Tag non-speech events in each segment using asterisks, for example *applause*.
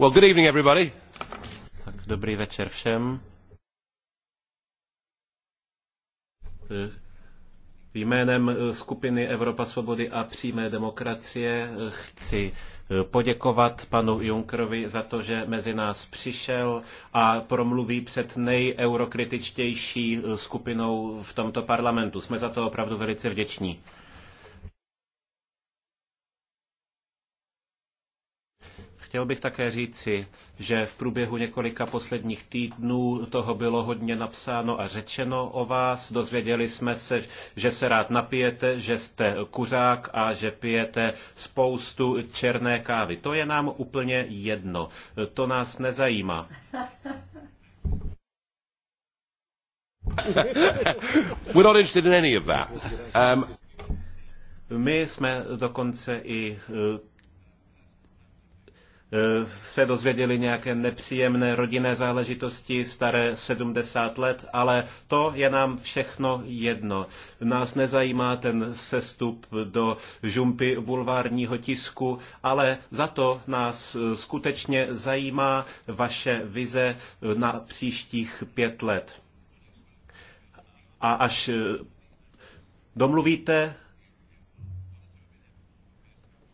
Well, good evening everybody. Tak, dobrý večer všem. Eh, jménem eh, skupiny Evropa svobody a přímé demokracie eh, chci poděkovat panu Junkrovi za to, že mezi nás přišel a promluví před nejeurokritičtější skupinou v tomto parlamentu. Jsme za to opravdu velice vděční. Chtěl bych také říci, že v průběhu několika posledních týdnů toho bylo hodně napsáno a řečeno o vás. Dozvěděli jsme se, že se rád napijete, že jste kuřák a že pijete spoustu černé kávy. To je nám úplně jedno. To nás nezajímá. *laughs* We're not interested in any of that. Um... My jsme dokonce i Eh, se dozvěděli nějaké nepříjemné rodinné záležitosti staré 70 let, ale to je nám všechno jedno. Nás nezajímá ten sestup do žumpy bulvárního tisku, ale za to nás eh, skutečně zajímá vaše vize eh, na příštích pět let. A až domluvíte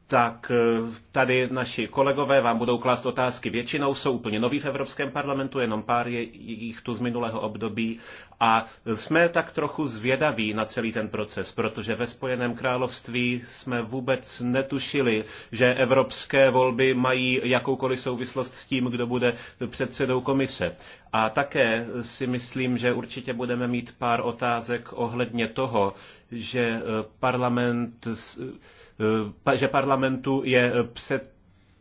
tak eh, tady naši kolegové vám budou klást otázky. Většinou jsou úplně noví v Evropském parlamentu, jenom pár je jich tu z minulého období. A jsme tak trochu zvědaví na celý ten proces, protože ve Spojeném království jsme vůbec netušili, že evropské volby mají jakoukoliv souvislost s tím, kdo bude předsedou komise. A také si myslím, že určitě budeme mít pár otázek ohledně toho, že eh, parlament Eh, že parlamentu je eh, před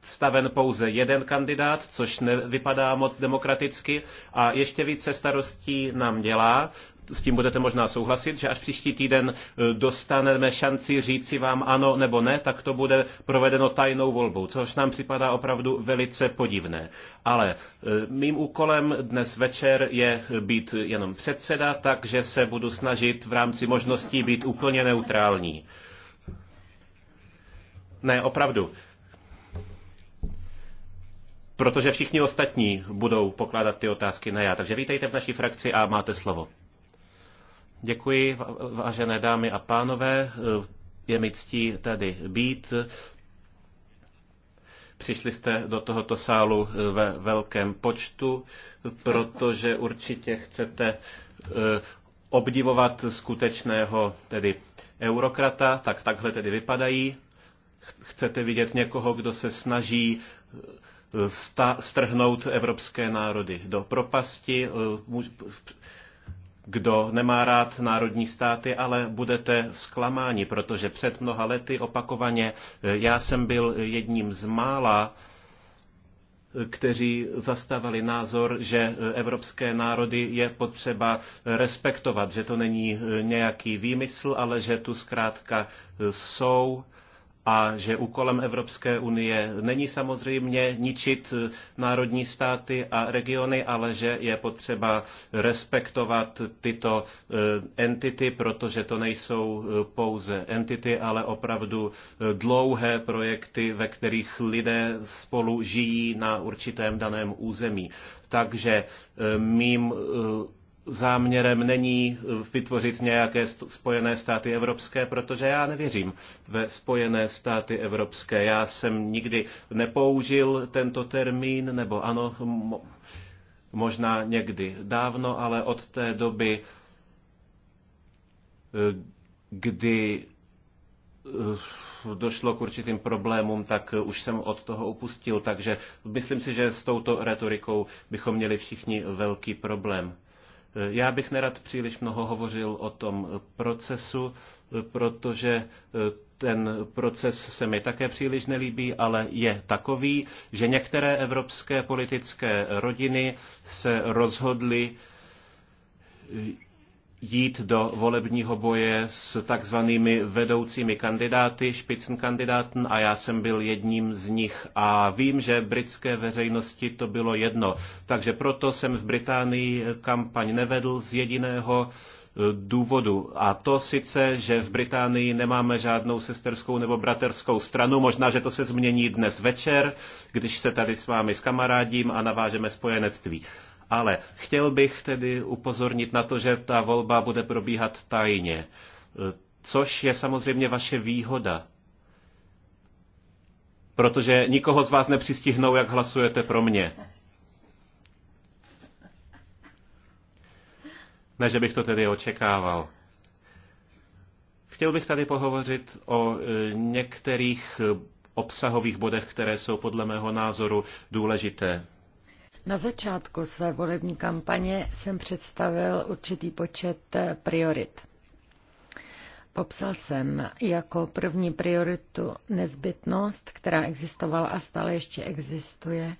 staven pouze jeden kandidát, což nevypadá moc demokraticky a ještě více starostí nám dělá, s tím budete možná souhlasit, že až příští týden eh, dostaneme šanci říci vám ano nebo ne, tak to bude provedeno tajnou volbou, což nám připadá opravdu velice podivné. Ale mým úkolem dnes večer je být jenom předseda, takže se budu snažit v rámci možností být úplně neutrální. Ne, opravdu. Protože všichni ostatní budou pokládat ty otázky, na já. Takže vítejte v naší frakci a máte slovo. Děkuji, vážené dámy a pánové. Je mi ctí tady být. Přišli jste do tohoto sálu ve velkém počtu, protože určitě chcete eh, obdivovat skutečného tedy eurokrata, tak takhle tedy vypadají chcete vidět někoho, kdo se snaží e, strhnout evropské národy do propasti, e, kdo nemá rád národní státy, ale budete zklamáni, protože před mnoha lety opakovaně e, já jsem byl jedním z mála, kteří zastávali názor, že evropské národy je potřeba respektovat, že to není nějaký výmysl, ale že tu zkrátka jsou a že úkolem Evropské unie není samozřejmě ničit národní státy a regiony, ale že je potřeba respektovat tyto eh, entity, protože to nejsou eh, pouze entity, ale opravdu eh, dlouhé projekty, ve kterých lidé spolu žijí na určitém daném území. Takže mým záměrem není eh, vytvořit nějaké spojené státy evropské, protože já nevěřím ve spojené státy evropské. Já jsem nikdy nepoužil tento termín, nebo ano, možná někdy dávno, ale od té doby, eh, kdy eh, došlo k určitým problémům, tak už jsem od toho upustil. Takže myslím si, že s touto retorikou bychom měli všichni velký problém. Já bych nerad příliš mnoho hovořil o tom procesu, protože e, ten proces se mi také příliš nelíbí, ale je takový, že některé evropské politické rodiny se rozhodly jít do volebního boje s takzvanými vedoucími kandidáty, špicenkandidáten a já jsem byl jedním z nich a vím, že britské veřejnosti to bylo jedno. Takže proto jsem v Británii kampaň nevedl z jediného eh, důvodu. A to sice, že v Británii nemáme žádnou sesterskou nebo braterskou stranu. Možná, že to se změní dnes večer, když se tady s vámi s kamarádím a navážeme spojenectví. Ale chtěl bych tedy upozornit na to, že ta volba bude probíhat tajně, což je samozřejmě vaše výhoda, protože nikoho z vás nepřistihnou, jak hlasujete pro mě. Ne, že bych to tedy očekával. Chtěl bych tady pohovořit o e, některých obsahových bodech, které jsou podle mého názoru důležité. Na začátku své volební kampaně jsem představil určitý počet eh, priorit. Popsal jsem jako první prioritu nezbytnost, která existovala a stále ještě existuje,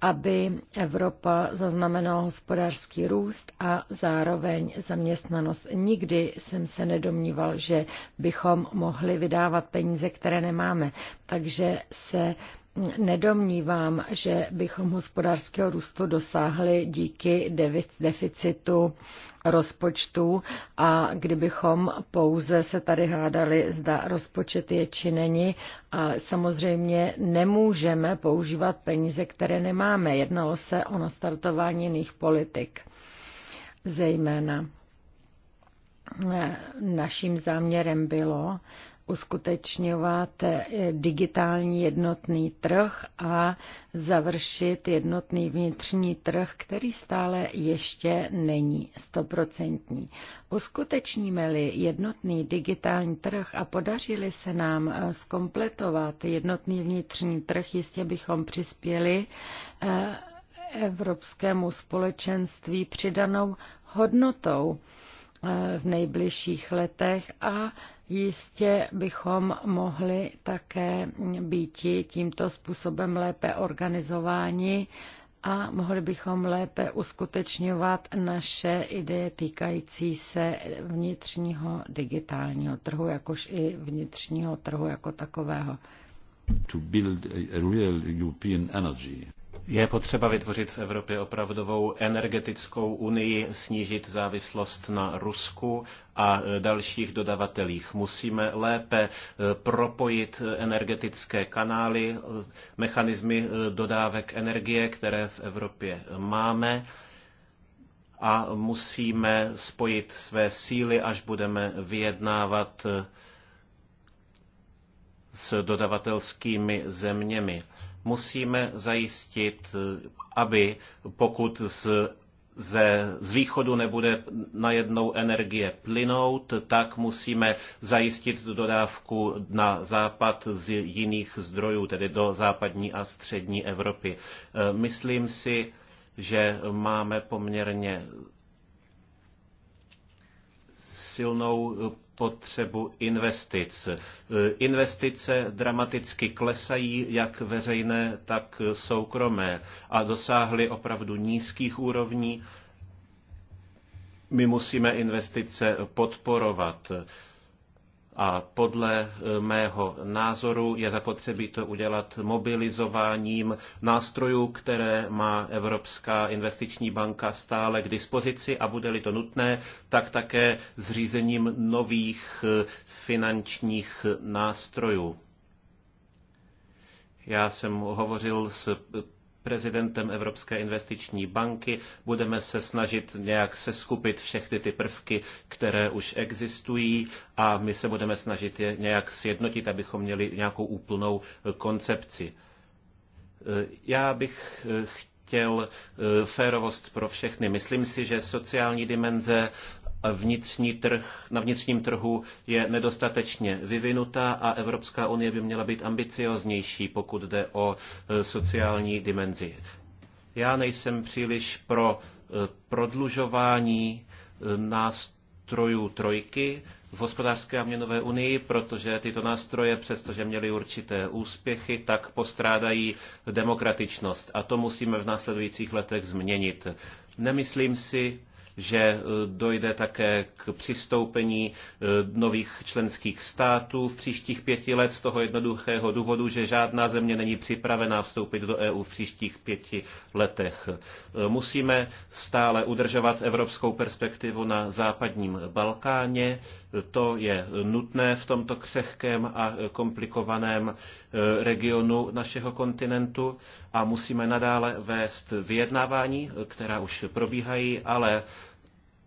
aby Evropa zaznamenala hospodářský růst a zároveň zaměstnanost. Nikdy jsem se nedomníval, že bychom mohli vydávat peníze, které nemáme, takže se nedomnívám, že bychom hospodářského růstu dosáhli díky deficitu rozpočtu, a kdybychom pouze se tady hádali, zda rozpočet je či není, ale samozřejmě nemůžeme používat peníze, které nemáme. Jednalo se o nastartování jiných politik, zejména e, naším záměrem bylo, uskutečňovat eh, digitální jednotný trh a završit jednotný vnitřní trh, který stále ještě není stoprocentní. Uskutečníme-li jednotný digitální trh a podařili se nám skompletovat eh, jednotný vnitřní trh, jistě bychom přispěli eh, Evropskému společenství přidanou hodnotou v nejbližších letech a Jistě bychom mohli také být tímto způsobem lépe organizováni a mohli bychom lépe uskutečňovat naše ideje týkající se vnitřního digitálního trhu, jakož i vnitřního trhu jako takového. To build a real European energy. Je potřeba vytvořit v Evropě opravdovou energetickou unii, snížit závislost na Rusku a e, dalších dodavatelích. Musíme lépe e, propojit energetické kanály, e, mechanismy dodávek energie, které v Evropě máme a musíme spojit své síly, až budeme vyjednávat s dodavatelskými zeměmi musíme zajistit, aby pokud z ze, z východu nebude najednou energie plynout, tak musíme zajistit dodávku na západ z jiných zdrojů, tedy do západní a střední Evropy. E, myslím si, že máme poměrně silnou potřebu investic. Investice dramaticky klesají, jak veřejné, tak soukromé a dosáhly opravdu nízkých úrovní. My musíme investice podporovat. A podle e, mého názoru je zapotřebí to udělat mobilizováním nástrojů, které má Evropská investiční banka stále k dispozici a bude-li to nutné, tak také zřízením nových e, finančních nástrojů. Já jsem hovořil s prezidentem Evropské investiční banky. Budeme se snažit nějak seskupit všechny ty prvky, které už existují a my se budeme snažit je nějak sjednotit, abychom měli nějakou úplnou eh, koncepci. Eh, já bych eh, chtěl férovost pro všechny. Myslím si, že sociální dimenze vnitřní trh, na vnitřním trhu je nedostatečně vyvinutá a Evropská unie by měla být ambicioznější, pokud jde o e, sociální dimenzi. Já nejsem příliš pro e, prodlužování e, nástrojů trojky v hospodářské a měnové unii, protože tyto nástroje, přestože měly určité úspěchy, tak postrádají demokratičnost. A to musíme v následujících letech změnit. Nemyslím si, že e, dojde také k přistoupení e, nových členských států v příštích pěti let z toho jednoduchého důvodu, že žádná země není připravená vstoupit do EU v příštích pěti letech. E, musíme stále udržovat evropskou perspektivu na západním Balkáně. To je nutné v tomto křehkém a komplikovaném regionu našeho kontinentu a musíme nadále vést vyjednávání, která už probíhají, ale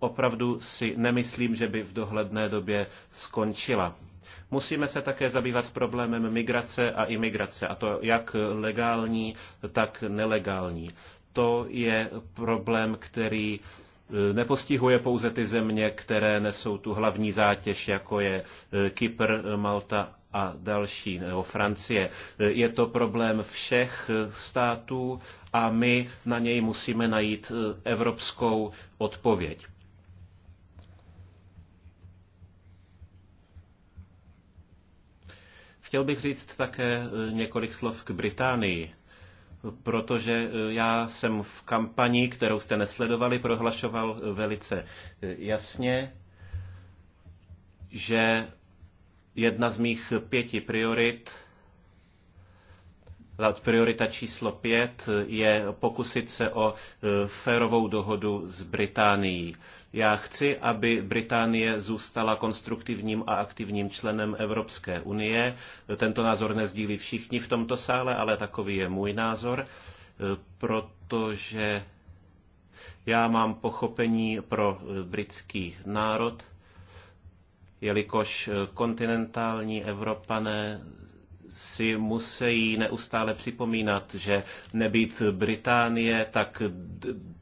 opravdu si nemyslím, že by v dohledné době skončila. Musíme se také zabývat problémem migrace a imigrace, a to jak legální, tak nelegální. To je problém, který eh, nepostihuje pouze ty země, které nesou tu hlavní zátěž, jako je eh, Kypr, Malta a další, nebo Francie. Eh, je to problém všech států a my na něj musíme najít evropskou odpověď. Chtěl bych říct také eh, několik slov k Británii protože eh, já jsem v kampani, kterou jste nesledovali, prohlašoval eh, velice jasně, že jedna z mých pěti priorit Priorita číslo pět je pokusit se o e, férovou dohodu s Británií. Já chci, aby Británie zůstala konstruktivním a aktivním členem Evropské unie. Tento názor nezdílí všichni v tomto sále, ale takový je můj názor, e, protože já mám pochopení pro e, britský národ, jelikož kontinentální Evropané si musí neustále připomínat, že nebýt Británie tak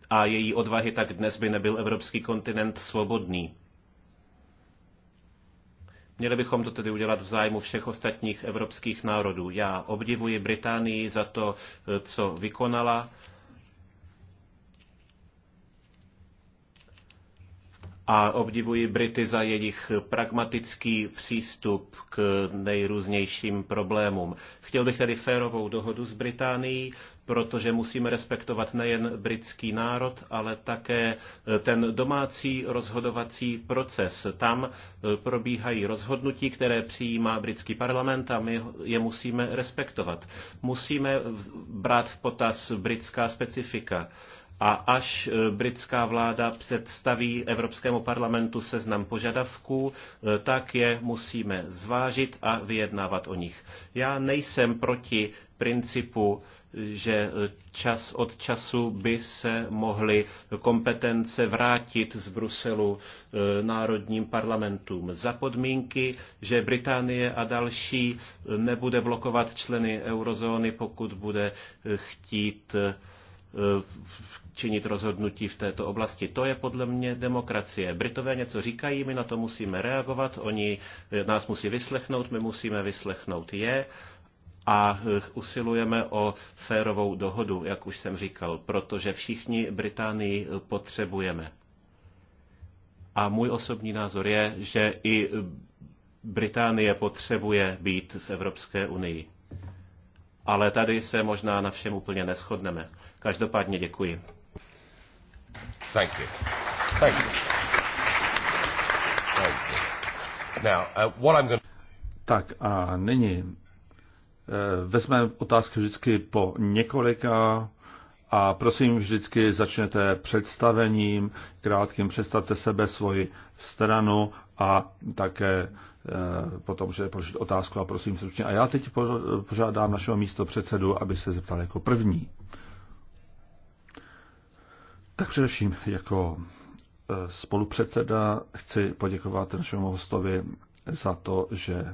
a její odvahy, tak dnes by nebyl evropský kontinent svobodný. Měli bychom to tedy udělat v zájmu všech ostatních evropských národů. Já obdivuji Británii za to, co vykonala a obdivuji Brity za jejich pragmatický přístup k nejrůznějším problémům. Chtěl bych tedy férovou dohodu s Británií, protože musíme respektovat nejen britský národ, ale také ten domácí rozhodovací proces. Tam probíhají rozhodnutí, které přijímá britský parlament a my je musíme respektovat. Musíme brát v potaz britská specifika a až e, britská vláda představí Evropskému parlamentu seznam požadavků, e, tak je musíme zvážit a vyjednávat o nich. Já nejsem proti principu, že e, čas od času by se mohly kompetence vrátit z Bruselu národním parlamentům za podmínky, že Británie a další nebude blokovat členy eurozóny, pokud bude chtít Eh, činit rozhodnutí v této oblasti. To je podle mě demokracie. Britové něco říkají, my na to musíme reagovat, oni nás musí vyslechnout, my musíme vyslechnout je a eh, usilujeme o férovou dohodu, jak už jsem říkal, protože všichni Británii potřebujeme. A můj osobní názor je, že i Británie potřebuje být v Evropské unii. Ale tady se možná na všem úplně neschodneme. Každopádně děkuji. Thank you. Thank you. Thank you. Now, uh, what I'm tak a nyní eh, vezmeme otázky vždycky po několika a prosím vždycky začnete představením, krátkým představte sebe, svoji stranu a také eh, potom, že položit otázku a prosím stručně. A já teď požádám našeho místo předsedu, aby se zeptal jako první. Tak především jako e, spolupředseda chci poděkovat našemu hostovi za to, že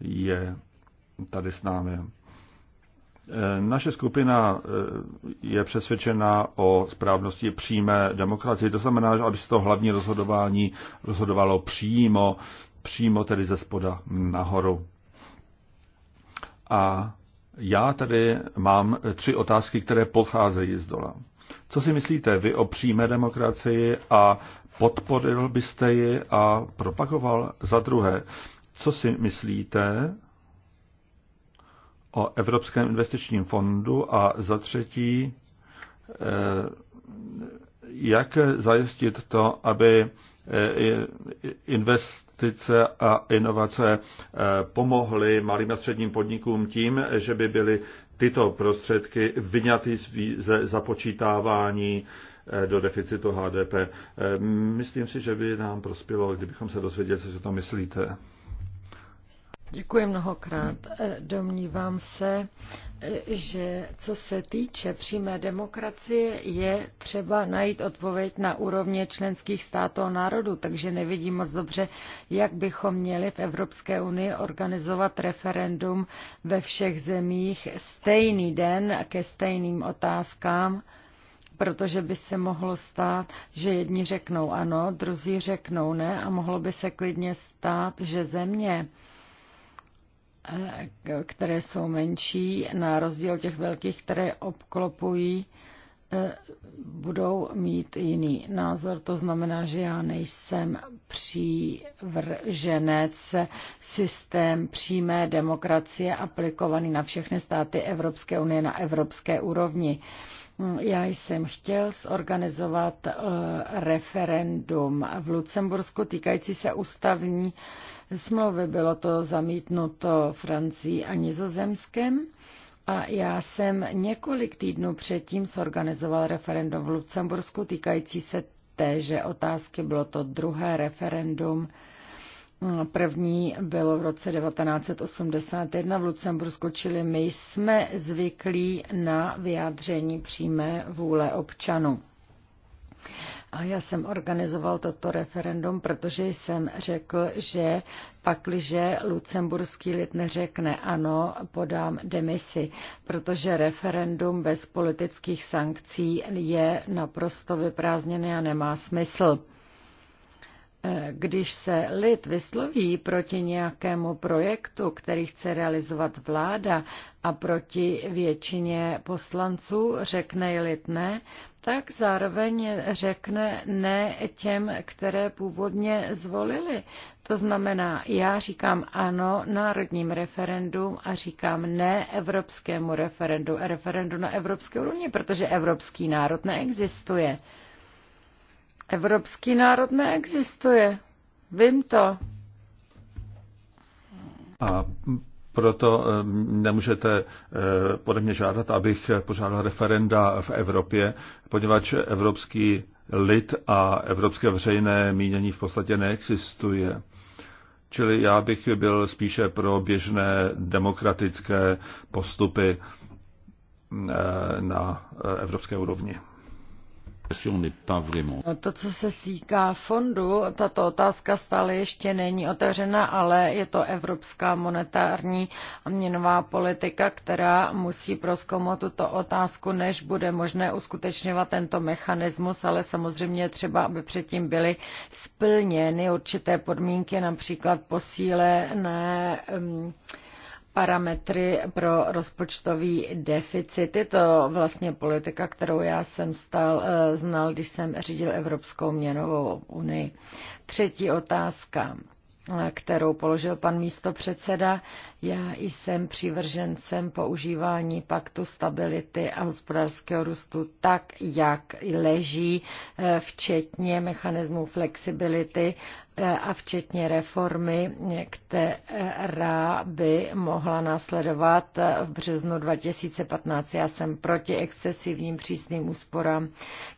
je tady s námi. E, naše skupina e, je přesvědčena o správnosti přímé demokracie. To znamená, že aby se to hlavní rozhodování rozhodovalo přímo, přímo tedy ze spoda nahoru. A já tady mám tři otázky, které pocházejí z dola. Co si myslíte vy o přímé demokracii a podporil byste ji a propagoval za druhé? Co si myslíte o Evropském investičním fondu a za třetí, eh, jak zajistit to, aby eh, invest praktice a inovace eh, pomohly malým a středním podnikům tím, že by byly tyto prostředky vyňaty ze započítávání eh, do deficitu HDP. Eh, myslím si, že by nám prospělo, kdybychom se dozvěděli, co si to myslíte. Děkuji mnohokrát. E, domnívám se, e, že co se týče přímé demokracie, je třeba najít odpověď na úrovně členských států a národů, takže nevidím moc dobře, jak bychom měli v Evropské unii organizovat referendum ve všech zemích stejný den ke stejným otázkám protože by se mohlo stát, že jedni řeknou ano, druzí řeknou ne a mohlo by se klidně stát, že země, které jsou menší, na rozdíl těch velkých, které obklopují, eh, budou mít jiný názor. To znamená, že já nejsem přívrženec systém přímé demokracie aplikovaný na všechny státy Evropské unie na evropské úrovni. Já jsem chtěl zorganizovat eh, referendum v Lucembursku týkající se ústavní smlouvy. Bylo to zamítnuto Francií a Nizozemskem. A já jsem několik týdnů předtím zorganizoval referendum v Lucembursku týkající se téže otázky. Bylo to druhé referendum. První bylo v roce 1981 v Lucembursku, čili my jsme zvyklí na vyjádření přímé vůle občanů. A já jsem organizoval toto referendum, protože jsem řekl, že pakliže lucemburský lid neřekne ano, podám demisi, protože referendum bez politických sankcí je naprosto vyprázdněné a nemá smysl. Eh, když se lid vysloví proti nějakému projektu, který chce realizovat vláda a proti většině poslanců řekne lid ne, tak zároveň řekne ne těm, které původně zvolili. To znamená, já říkám ano národním referendum a říkám ne evropskému referendu, referendu na evropské úrovni, protože evropský národ neexistuje. Evropský národ neexistuje. Vím to. A proto eh, nemůžete eh, pode mě žádat, abych požádal referenda v Evropě, poněvadž evropský lid a evropské veřejné mínění v podstatě neexistuje. Čili já bych byl spíše pro běžné demokratické postupy eh, na evropské úrovni. No, to, co se týká fondu, tato otázka stále ještě není otevřena, ale je to evropská monetární a měnová politika, která musí proskoumat tuto otázku, než bude možné uskutečňovat tento mechanismus, ale samozřejmě třeba, aby předtím byly splněny určité podmínky, například posílené um, parametry pro rozpočtový deficit. Je to vlastně politika, kterou já jsem stal, eh, znal, když jsem řídil Evropskou měnovou unii. Třetí otázka eh, kterou položil pan místo předseda, Já jsem přívržencem používání paktu stability a hospodářského růstu tak, jak leží, eh, včetně mechanismů flexibility E, a včetně reformy, která by mohla následovat v březnu 2015. Já jsem proti excesivním přísným úsporám,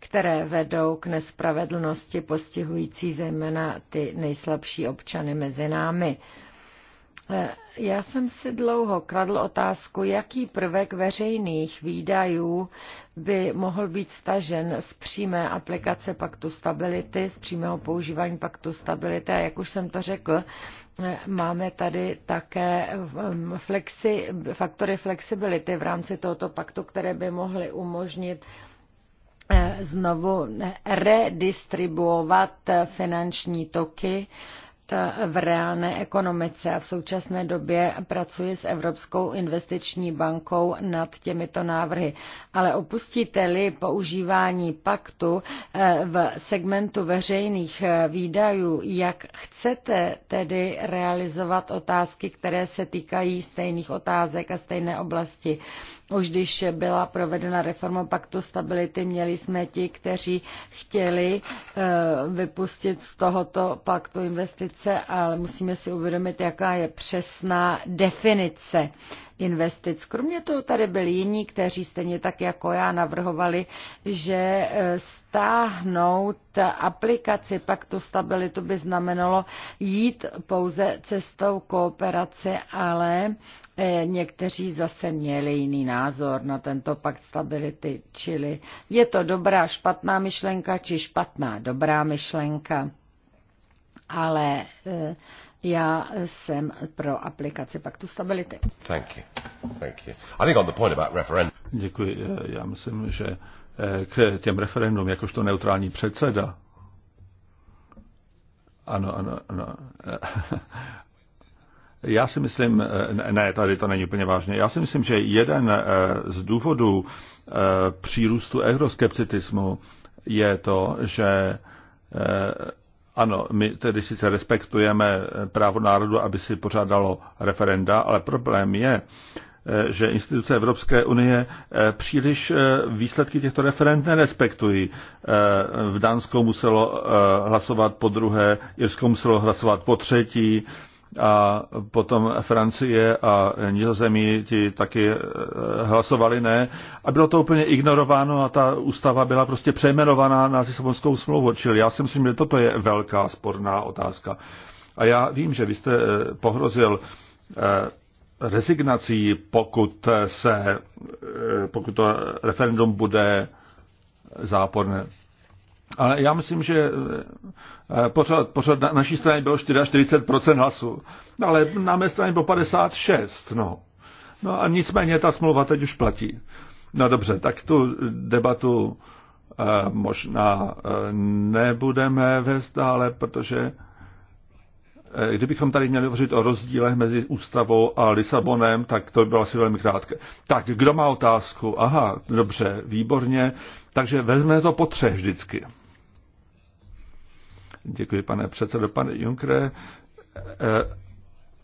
které vedou k nespravedlnosti postihující zejména ty nejslabší občany mezi námi. Eh, já jsem si dlouho kladl otázku, jaký prvek veřejných výdajů by mohl být stažen z přímé aplikace paktu stability, z přímého používání paktu stability. A jak už jsem to řekl, eh, máme tady také ehm, flexi, faktory flexibility v rámci tohoto paktu, které by mohly umožnit eh, znovu redistribuovat finanční toky v reálné ekonomice a v současné době pracuji s Evropskou investiční bankou nad těmito návrhy. Ale opustíte-li používání paktu eh, v segmentu veřejných eh, výdajů, jak chcete tedy realizovat otázky, které se týkají stejných otázek a stejné oblasti? už když byla provedena reforma paktu stability, měli jsme ti, kteří chtěli eh, vypustit z tohoto paktu investice, ale musíme si uvědomit, jaká je přesná definice investic. Kromě toho tady byli jiní, kteří stejně tak jako já navrhovali, že eh, stáhnout aplikaci paktu stabilitu by znamenalo jít pouze cestou kooperace, ale eh, někteří zase měli jiný názor na tento pakt stability, čili je to dobrá špatná myšlenka či špatná dobrá myšlenka. Ale eh, já jsem pro aplikaci paktu stability. Thank you. Thank you. I think on the point about referendum. Děkuji. Eh, já myslím, že eh, k těm referendum, jakožto neutrální předseda, ano, ano, ano. Eh, *laughs* já si myslím, ne, tady to není úplně vážně. Já si myslím, že jeden z důvodů přírůstu euroskepticismu je to, že ano, my tedy sice respektujeme právo národu, aby si pořádalo referenda, ale problém je, eh, že instituce Evropské unie eh, příliš eh, výsledky těchto referend nerespektují. V Dánsku muselo hlasovat po druhé, Irsko muselo hlasovat po třetí, a potom Francie a Nizozemí ti taky eh, hlasovali ne. A bylo to úplně ignorováno a ta ústava byla prostě přejmenovaná na Lisabonskou smlouvu. Čili já si myslím, že toto je velká sporná otázka. A já vím, že vy jste eh, pohrozil eh, rezignací, pokud, se, pokud to referendum bude záporné. Ale já myslím, že eh, pořád, pořád na naší straně bylo 44% hlasů, no, ale na mé straně bylo 56, no. No a nicméně ta smlouva teď už platí. No dobře, tak tu debatu eh, možná eh, nebudeme vést dále, protože kdybychom tady měli hovořit o rozdílech mezi ústavou a Lisabonem, tak to by bylo asi velmi krátké. Tak, kdo má otázku? Aha, dobře, výborně. Takže vezme to po třech vždycky. Děkuji, pane předsedo. Pane Junkre, eh,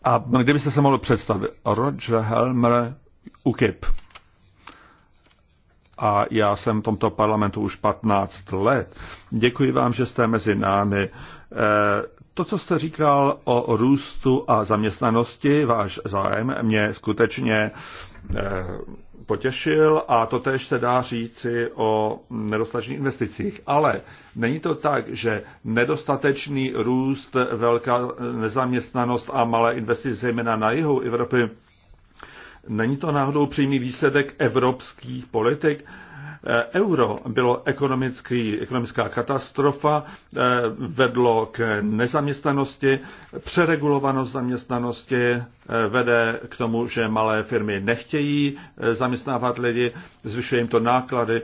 a kdybyste se mohl představit, Roger Helmer, UKIP. A já jsem v tomto parlamentu už 15 let. Děkuji vám, že jste mezi námi. Eh, to, co jste říkal o růstu a zaměstnanosti, váš zájem mě skutečně eh, potěšil a to tež se dá říci o nedostatečných investicích. Ale není to tak, že nedostatečný růst, velká nezaměstnanost a malé investice, zejména na jihu Evropy, není to náhodou přímý výsledek evropských politik, Eh, euro bylo ekonomický, ekonomická katastrofa, eh, vedlo k nezaměstnanosti, přeregulovanost zaměstnanosti eh, vede k tomu, že malé firmy nechtějí zaměstnávat lidi, zvyšuje jim to náklady,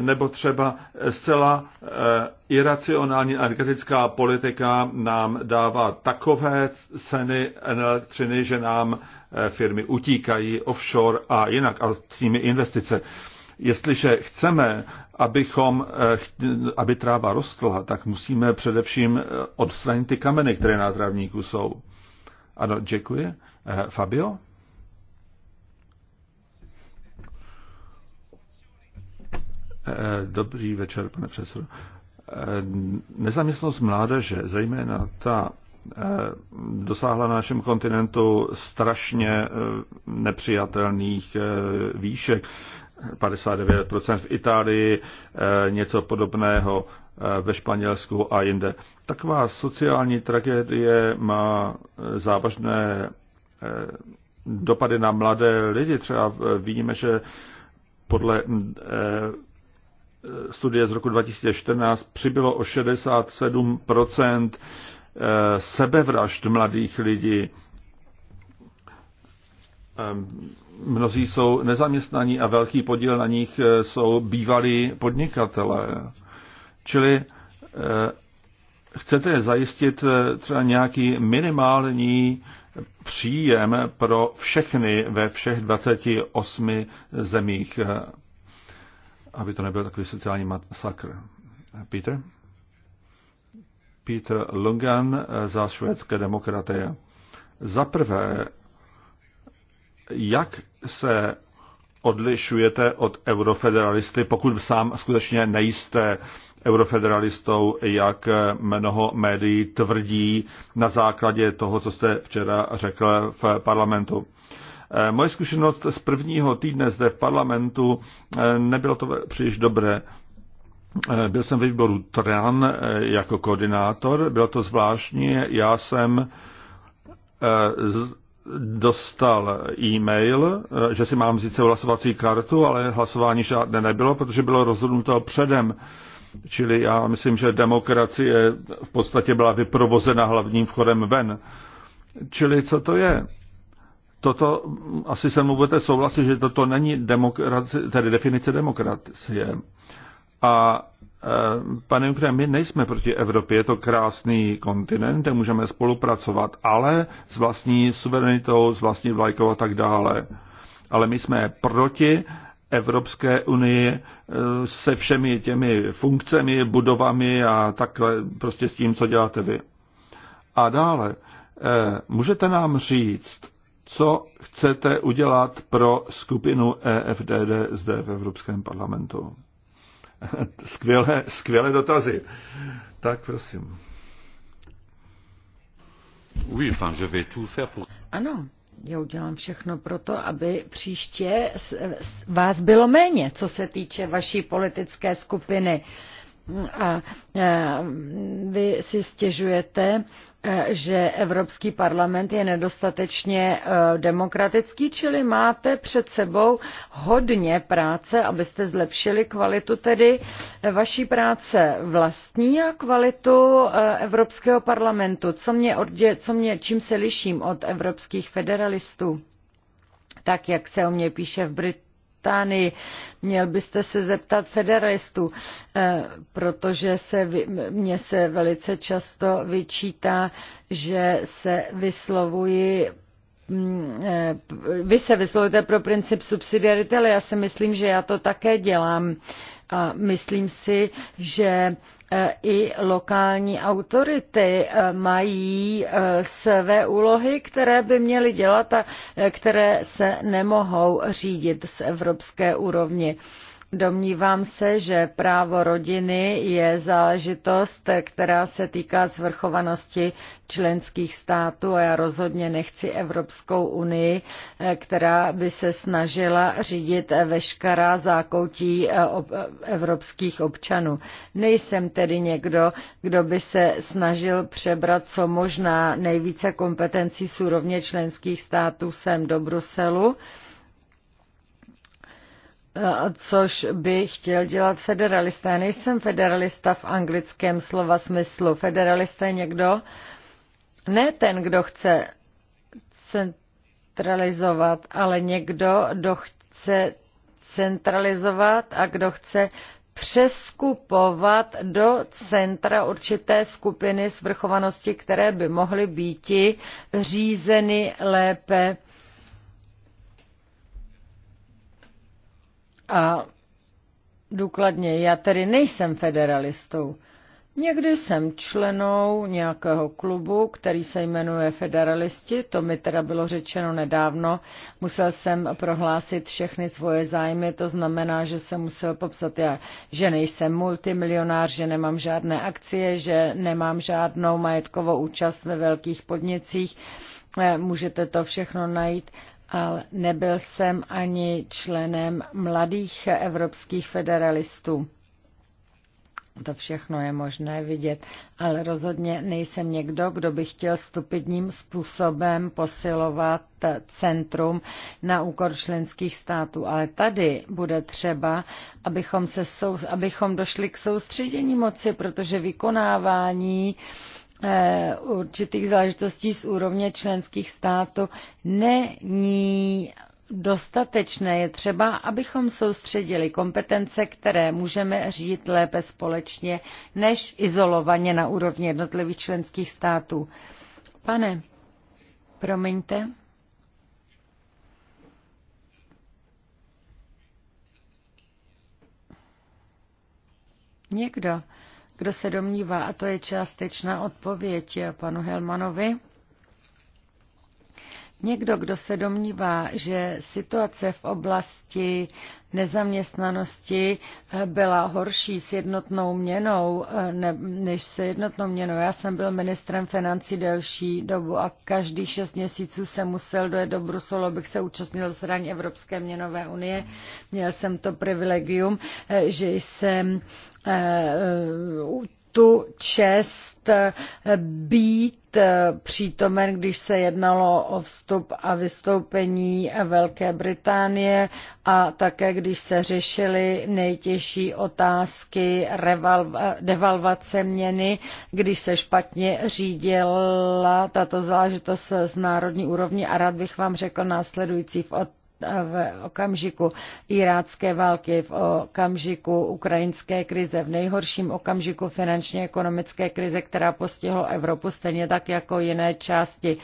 nebo třeba zcela iracionální energetická politika nám dává takové ceny elektřiny, že nám firmy utíkají offshore a jinak a s tím investice. Jestliže chceme, abychom, eh, aby tráva rostla, tak musíme především eh, odstranit ty kameny, které na trávníku jsou. Ano, děkuji. Eh, Fabio? Dobrý večer, pane předsedo. Nezaměstnost mládeže, zejména ta, dosáhla na našem kontinentu strašně nepřijatelných výšek. 59% v Itálii, eh, něco podobného eh, ve Španělsku a jinde. Taková sociální tragédie má eh, závažné dopady na mladé lidi. Třeba vidíme, že podle studie z roku 2014 přibylo o 67 sebevražd mladých lidí Ehm, mnozí jsou nezaměstnaní a velký podíl na nich eh, jsou bývalí podnikatelé. Čili eh, chcete zajistit eh, třeba nějaký minimální příjem pro všechny ve všech 28 zemích, aby to nebyl takový sociální masakr. Peter? Peter Lungan za švédské demokraty. Za prvé, jak se odlišujete od eurofederalisty, pokud sám skutečně nejste eurofederalistou, jak mnoho médií tvrdí na základě toho, co jste včera řekl v parlamentu. Eh, moje zkušenost z prvního týdne zde v parlamentu eh, nebylo to příliš dobré. Eh, byl jsem ve výboru TRAN jako koordinátor, bylo to zvláštní. Já jsem dostal e-mail, že si mám vzít hlasovací kartu, ale hlasování žádné nebylo, protože bylo rozhodnuto předem. Čili já myslím, že demokracie v podstatě byla vyprovozena hlavním vchodem ven. Čili co to je? Toto, asi se mu budete souhlasit, že toto není demokracie, tedy definice demokracie. A Eh, pane Junckere, my nejsme proti Evropě, je to krásný kontinent, kde můžeme spolupracovat, ale s vlastní suverenitou, s vlastní vlajkou a tak dále. Ale my jsme proti Evropské unii eh, se všemi těmi funkcemi, budovami a takhle, prostě s tím, co děláte vy. A dále, eh, můžete nám říct, co chcete udělat pro skupinu EFDD zde v Evropském parlamentu? *laughs* skvělé, skvělé dotazy. Tak prosím. Oui, enfin, je vais tout faire pour... Ano, já udělám všechno pro to, aby příště vás bylo méně, co se týče vaší politické skupiny. Uh, a e, vy si stěžujete, e, že Evropský parlament je nedostatečně e, demokratický, čili máte před sebou hodně práce, abyste zlepšili kvalitu tedy vaší práce vlastní a kvalitu Evropského parlamentu. Co mě, co mě, čím se liším od evropských federalistů? Tak, jak se o mě píše v Brit Británii. Měl byste se zeptat federalistů, eh, protože se, mně se velice často vyčítá, že se vyslovuji Mm, eh, vy se vyslovujete pro princip subsidiarity, ale já si myslím, že já to také dělám. A myslím si, že eh, i lokální autority eh, mají své úlohy, které by měly dělat a které se nemohou řídit z evropské úrovně. Domnívám se, že právo rodiny je záležitost, která se týká svrchovanosti členských států a já rozhodně nechci Evropskou unii, která by se snažila řídit veškerá zákoutí eh, evropských občanů. Nejsem tedy někdo, kdo by se snažil přebrat co možná nejvíce kompetencí z úrovně členských států sem do Bruselu což by chtěl dělat federalista. Já nejsem federalista v anglickém slova smyslu. Federalista je někdo, ne ten, kdo chce centralizovat, ale někdo, kdo chce centralizovat a kdo chce přeskupovat do centra určité skupiny svrchovanosti, které by mohly být řízeny lépe a důkladně. Já tedy nejsem federalistou. Někdy jsem členou nějakého klubu, který se jmenuje Federalisti, to mi teda bylo řečeno nedávno. Musel jsem prohlásit všechny svoje zájmy, to znamená, že jsem musel popsat, já, že nejsem multimilionář, že nemám žádné akcie, že nemám žádnou majetkovou účast ve velkých podnicích. Eh, můžete to všechno najít ale nebyl jsem ani členem mladých evropských federalistů. To všechno je možné vidět, ale rozhodně nejsem někdo, kdo by chtěl stupidním způsobem posilovat centrum na úkor členských států. Ale tady bude třeba, abychom, se sou, abychom došli k soustředění moci, protože vykonávání Eh, určitých záležitostí z úrovně členských států není dostatečné. Je třeba, abychom soustředili kompetence, které můžeme řídit lépe společně, než izolovaně na úrovni jednotlivých členských států. Pane, promiňte. Někdo kdo se domnívá, a to je částečná odpověď panu Helmanovi, Někdo, kdo se domnívá, že situace v oblasti nezaměstnanosti eh, byla horší s jednotnou měnou eh, ne, než se jednotnou měnou. Já jsem byl ministrem financí delší dobu a každých šest měsíců jsem musel dojet do Bruselu, abych se účastnil zraň Evropské měnové unie. Měl jsem to privilegium, eh, že jsem tu čest eh, být eh, přítomen, když se jednalo o vstup a vystoupení Velké Británie a také když se řešily nejtěžší otázky eh, devalvace měny, když se špatně řídila tato záležitost z národní úrovni a rád bych vám řekl následující v od v okamžiku irácké války, v okamžiku ukrajinské krize, v nejhorším okamžiku finančně ekonomické krize, která postihla Evropu stejně tak jako jiné části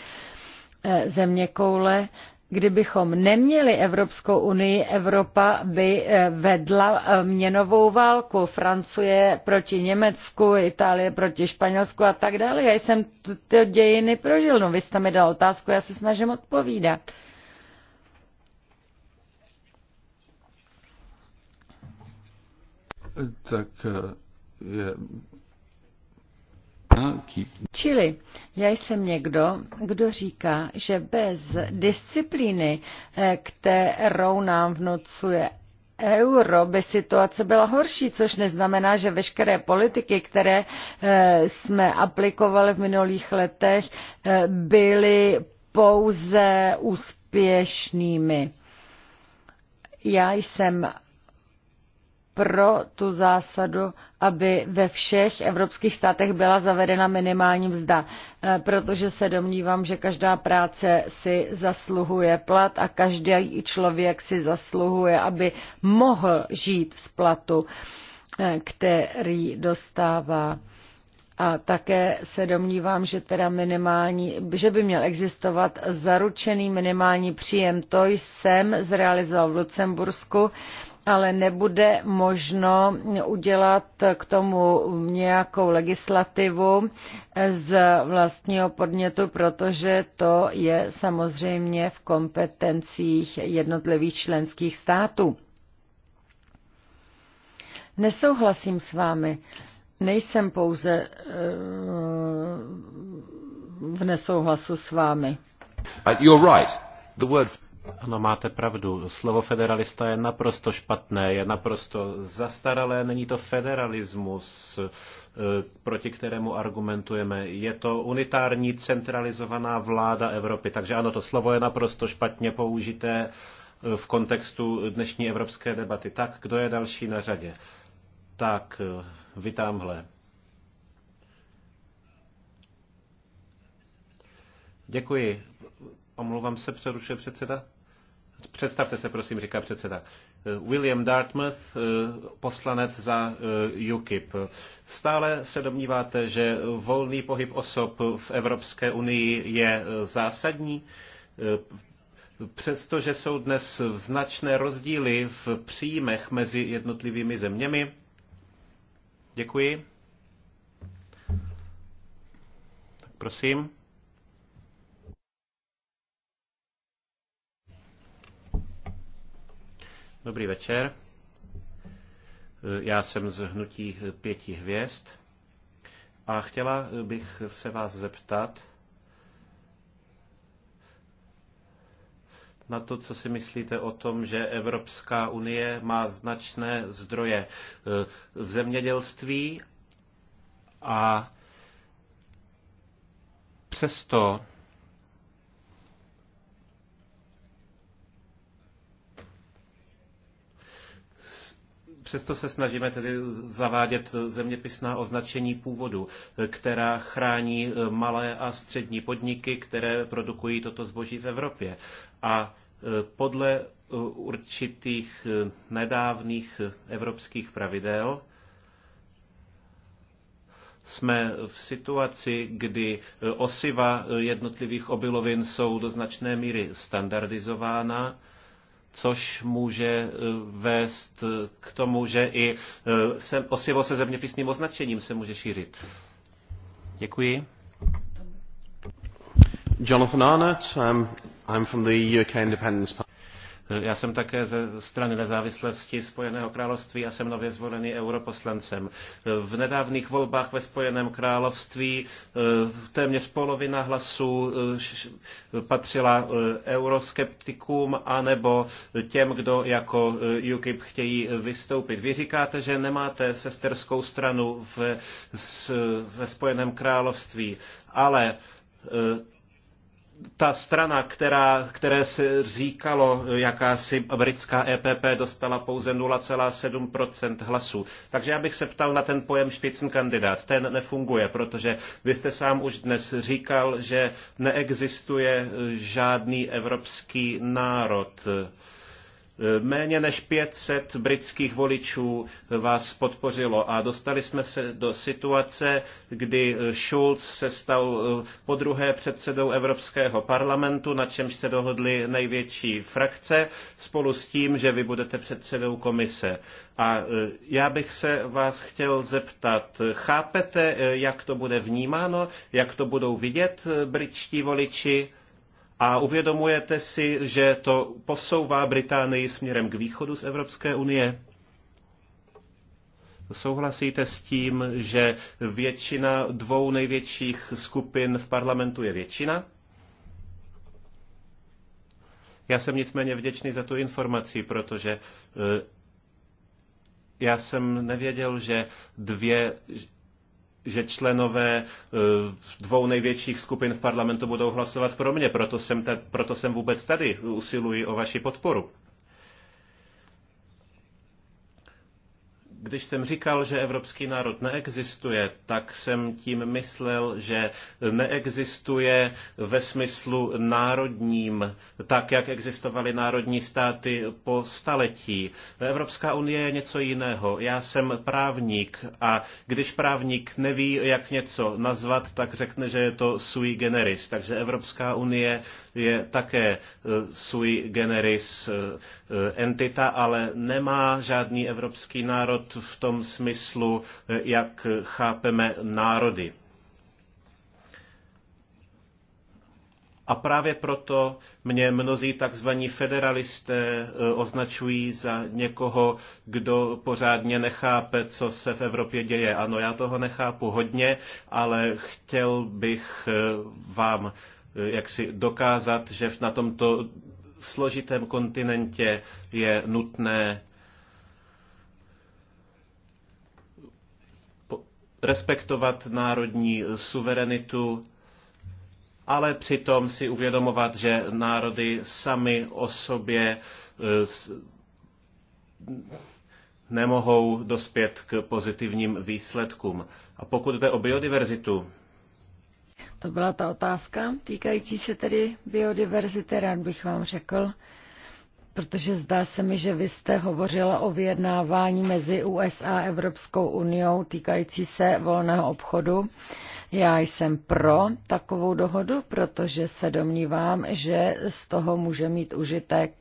eh, země koule, Kdybychom neměli Evropskou unii, Evropa by eh, vedla eh, měnovou válku. Francie proti Německu, Itálie proti Španělsku a tak dále. Já jsem ty dějiny prožil. No, vy jste mi dal otázku, já se snažím odpovídat. tak eh, je... Čili já jsem někdo, kdo říká, že bez disciplíny, eh, kterou nám vnucuje euro by situace byla horší, což neznamená, že veškeré politiky, které eh, jsme aplikovali v minulých letech, byly pouze úspěšnými. Já jsem pro tu zásadu, aby ve všech evropských státech byla zavedena minimální mzda, e, protože se domnívám, že každá práce si zasluhuje plat a každý člověk si zasluhuje, aby mohl žít z platu, e, který dostává. A také se domnívám, že teda minimální, že by měl existovat zaručený minimální příjem. To jsem zrealizoval v Lucembursku ale nebude možno udělat k tomu nějakou legislativu z vlastního podnětu, protože to je samozřejmě v kompetencích jednotlivých členských států. Nesouhlasím s vámi. Nejsem pouze eh, v nesouhlasu s vámi. Uh, you're right. The word... Ano, máte pravdu. Slovo federalista je naprosto špatné, je naprosto zastaralé, není to federalismus, eh, proti kterému argumentujeme. Je to unitární centralizovaná vláda Evropy. Takže ano, to slovo je naprosto špatně použité eh, v kontextu dnešní evropské debaty. Tak, kdo je další na řadě? Tak, eh, vy Děkuji. Omlouvám se, přerušuje předseda. Představte se, prosím, říká předseda. Eh, William Dartmouth, eh, poslanec za eh, UKIP. Stále se domníváte, že volný pohyb osob v Evropské unii je zásadní? Přestože jsou dnes značné rozdíly v příjmech mezi jednotlivými zeměmi? Děkuji. Tak prosím. Dobrý večer. Já jsem z hnutí pěti hvězd a chtěla bych se vás zeptat na to, co si myslíte o tom, že Evropská unie má značné zdroje eh, v zemědělství a přesto Přesto se snažíme tedy zavádět zeměpisná označení původu, která chrání eh, malé a střední podniky, které produkují toto zboží v Evropě. A eh, podle eh, určitých nedávných evropských pravidel jsme v situaci, kdy osiva jednotlivých obilovin jsou do značné míry standardizována což může eh, vést eh, k tomu, že i eh, sem, osivo se zeměpisným označením se může šířit. Děkuji. Jonathan Arnott, um, I'm from the UK Independence Party. Já jsem také ze strany nezávislosti Spojeného království a jsem nově zvolený europoslancem. V nedávných volbách ve Spojeném království e, téměř polovina hlasů e, patřila e, euroskeptikům anebo těm, kdo jako UKIP chtějí vystoupit. Vy říkáte, že nemáte sesterskou stranu ve Spojeném království, ale ta strana, která, které se říkalo, jakási britská EPP, dostala pouze 0,7% hlasů. Takže já bych se ptal na ten pojem kandidát. Ten nefunguje, protože vy jste sám už dnes říkal, že neexistuje žádný evropský národ. Méně než 500 britských voličů vás podpořilo a dostali jsme se do situace, kdy Schulz se stal eh, podruhé předsedou Evropského parlamentu, na čemž se dohodly největší frakce, spolu s tím, že vy budete předsedou komise. A eh, já bych se vás chtěl zeptat, chápete, eh, jak to bude vnímáno, jak to budou vidět britští voliči? A uvědomujete si, že to posouvá Británii směrem k východu z Evropské unie? Souhlasíte s tím, že většina dvou největších skupin v parlamentu je většina? Já jsem nicméně vděčný za tu informaci, protože eh, já jsem nevěděl, že dvě, že členové eh, dvou největších skupin v parlamentu budou hlasovat pro mě, proto jsem, proto jsem vůbec tady, usiluji o vaši podporu. Když jsem říkal, že evropský národ neexistuje, tak jsem tím myslel, že neexistuje ve smyslu národním, tak jak existovaly národní státy po staletí. Evropská unie je něco jiného. Já jsem právník a když právník neví, jak něco nazvat, tak řekne, že je to sui generis. Takže Evropská unie je také e, sui generis e, e, entita, ale nemá žádný evropský národ v tom smyslu, eh, jak chápeme národy. A právě proto mě mnozí takzvaní federalisté eh, označují za někoho, kdo pořádně nechápe, co se v Evropě děje. Ano, já toho nechápu hodně, ale chtěl bych eh, vám jaksi dokázat, že na tomto složitém kontinentě je nutné respektovat národní eh, suverenitu, ale přitom si uvědomovat, že národy sami o sobě eh, nemohou dospět k pozitivním výsledkům. A pokud jde o biodiverzitu, to byla ta otázka týkající se tedy biodiverzity, rád bych vám řekl, protože zdá se mi, že vy jste hovořila o vyjednávání mezi USA a Evropskou uniou týkající se volného obchodu. Já jsem pro takovou dohodu, protože se domnívám, že z toho může mít užitek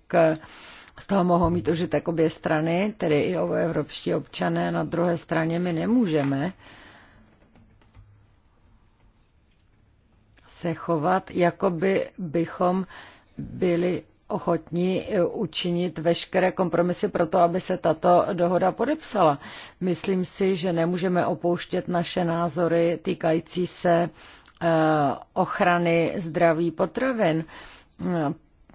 z toho mohou mít užitek obě strany, tedy i evropští občané. Na druhé straně my nemůžeme se chovat, jako by bychom byli ochotní eh, učinit veškeré kompromisy pro to, aby se tato dohoda podepsala. Myslím si, že nemůžeme opouštět naše názory týkající se eh, ochrany zdraví potravin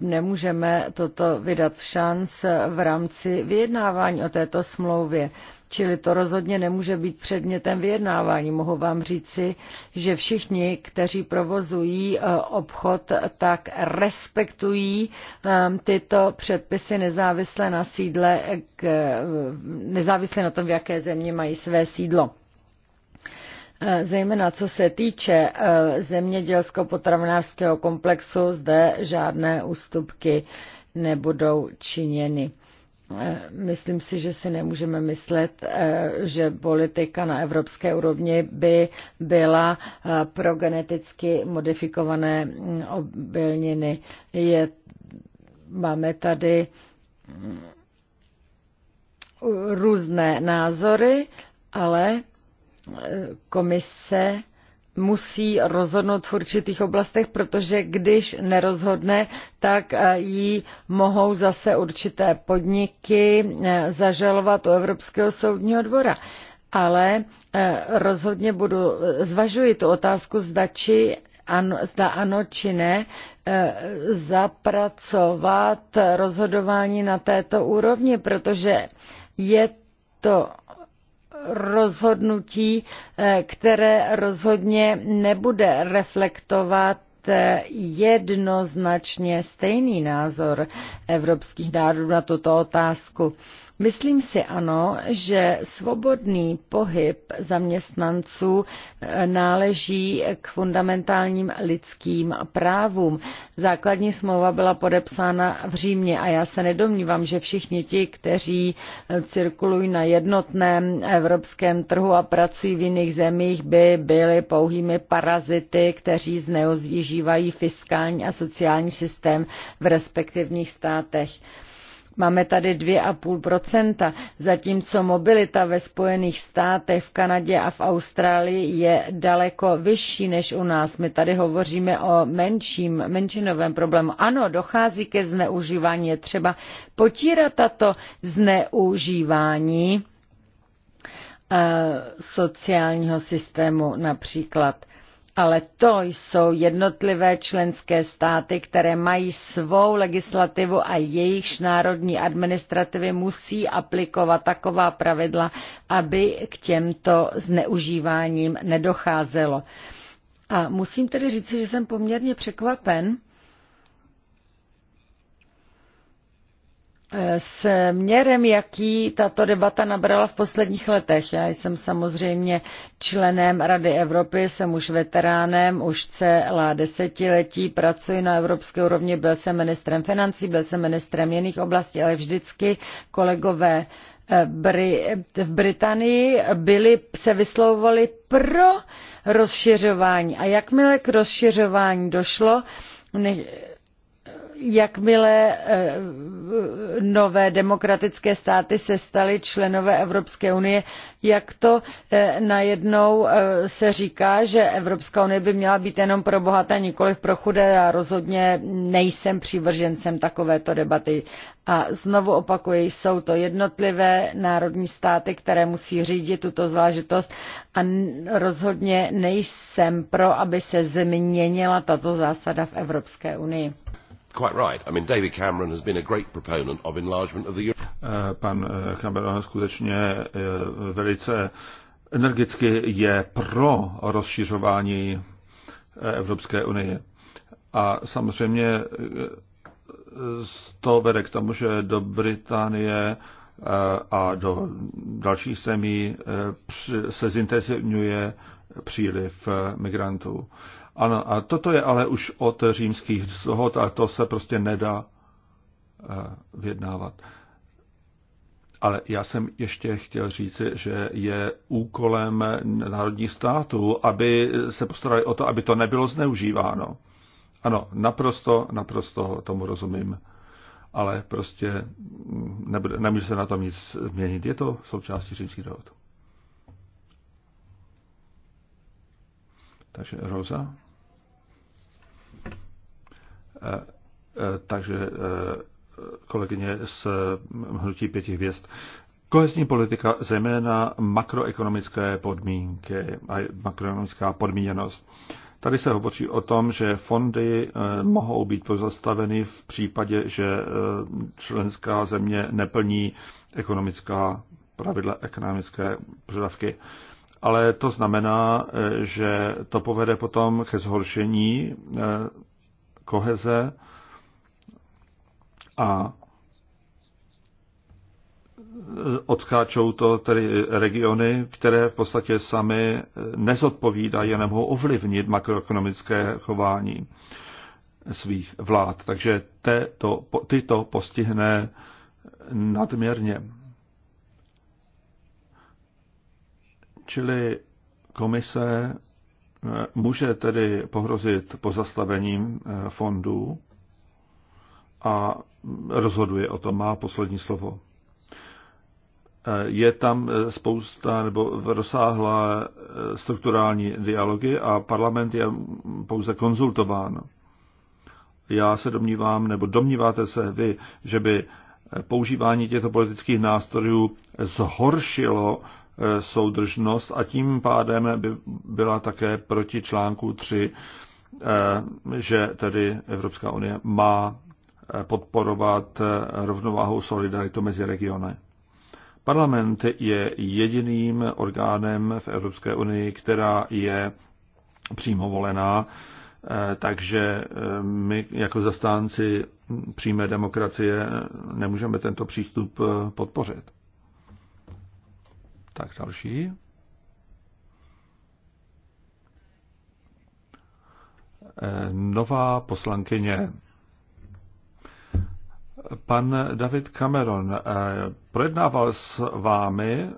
nemůžeme toto vydat v šans v rámci vyjednávání o této smlouvě. Čili to rozhodně nemůže být předmětem vyjednávání. Mohu vám říci, že všichni, kteří provozují eh, obchod, tak respektují eh, tyto předpisy nezávisle na sídle, eh, nezávisle na tom, v jaké země mají své sídlo. Eh, zejména co se týče eh, zemědělsko-potravinářského komplexu, zde žádné ústupky nebudou činěny. Eh, myslím si, že si nemůžeme myslet, že politika na evropské úrovni by byla pro geneticky modifikované mm, obilniny. Je, máme tady mm, různé názory, ale komise musí rozhodnout v určitých oblastech, protože když nerozhodne, tak eh, ji mohou zase určité podniky eh, zažalovat u Evropského soudního dvora. Ale eh, rozhodně budu, zvažuji tu otázku, zda, či, ano, zda ano či ne, zapracovat rozhodování na této úrovni, protože je to rozhodnutí, eh, které rozhodně nebude reflektovat eh, jednoznačně stejný názor evropských národů na tuto otázku. Myslím si ano, že svobodný pohyb zaměstnanců eh, náleží k fundamentálním lidským právům. Základní smlouva byla podepsána v Římě a já se nedomnívám, že všichni ti, kteří eh, cirkulují na jednotném evropském trhu a pracují v jiných zemích, by byli pouhými parazity, kteří zneužívají fiskální a sociální systém v respektivních státech. Máme tady 2,5%, zatímco mobilita ve Spojených státech, v Kanadě a v Austrálii je daleko vyšší než u nás. My tady hovoříme o menším, menšinovém problému. Ano, dochází ke zneužívání, je třeba potírat tato zneužívání eh, sociálního systému například ale to jsou jednotlivé členské státy, které mají svou legislativu a jejichž národní administrativy musí aplikovat taková pravidla, aby k těmto zneužíváním nedocházelo. A musím tedy říct, že jsem poměrně překvapen, směrem, jaký tato debata nabrala v posledních letech. Já jsem samozřejmě členem Rady Evropy, jsem už veteránem, už celá desetiletí pracuji na evropské úrovni, byl jsem ministrem financí, byl jsem ministrem jiných oblastí, ale vždycky kolegové eh, v Británii byli, se vyslovovali pro rozšiřování. A jakmile k rozšiřování došlo, ne, jakmile eh, nové demokratické státy se staly členy Evropské unie, jak to eh, najednou eh, se říká, že Evropská unie by měla být jenom pro bohaté, nikoliv pro chudé. Já rozhodně nejsem přívržencem takovéto debaty. A znovu opakuji, jsou to jednotlivé národní státy, které musí řídit tuto záležitost a rozhodně nejsem pro, aby se změnila tato zásada v Evropské unii quite right. I mean, David Cameron has been a great proponent of enlargement of the Euro. Eh, pan eh, Cameron skutečně eh, velice energicky je pro rozšiřování Evropské unie. A samozřejmě to vede k tomu, že do Británie a do dalších zemí se zintenzivňuje příliv migrantů. Ano, a toto je ale už od římských dohod a to se prostě nedá eh, vyjednávat. Ale já jsem ještě chtěl říci, že je úkolem národních států, aby se postarali o to, aby to nebylo zneužíváno. Ano, naprosto, naprosto tomu rozumím. Ale prostě nebude, nemůže se na tom nic změnit. Je to součástí římských dohod. Takže Rosa. Eh, eh, takže eh, kolegyně z Hnutí pěti hvězd. Kohezní politika, zejména makroekonomické podmínky a makroekonomická podmíněnost. Tady se hovoří o tom, že fondy mohou být pozastaveny v případě, že členská země neplní ekonomická pravidla, ekonomické požadavky. Ale to znamená, že to povede potom ke zhoršení koheze a odskáčou to tedy regiony, které v podstatě sami nezodpovídají a nemohou ovlivnit makroekonomické chování svých vlád. Takže této, ty to postihne nadměrně. Čili komise může tedy pohrozit pozastavením eh, fondů a rozhoduje o tom, má poslední slovo. Eh, je tam eh, spousta nebo rozsáhlá strukturální dialogy a parlament je pouze konzultován. Já se domnívám, nebo domníváte se vy, že by používání těchto politických nástrojů zhoršilo E, soudržnost a tím pádem by byla také proti článku 3, e, že tedy Evropská unie má e, podporovat rovnováhu solidaritu mezi regiony. Parlament je jediným orgánem v Evropské unii, která je přímo volená, takže my jako zastánci přímé demokracie nemůžeme tento přístup podpořit. Tak další. Eh, nová poslankyně. Pan David Cameron eh, projednával s vámi,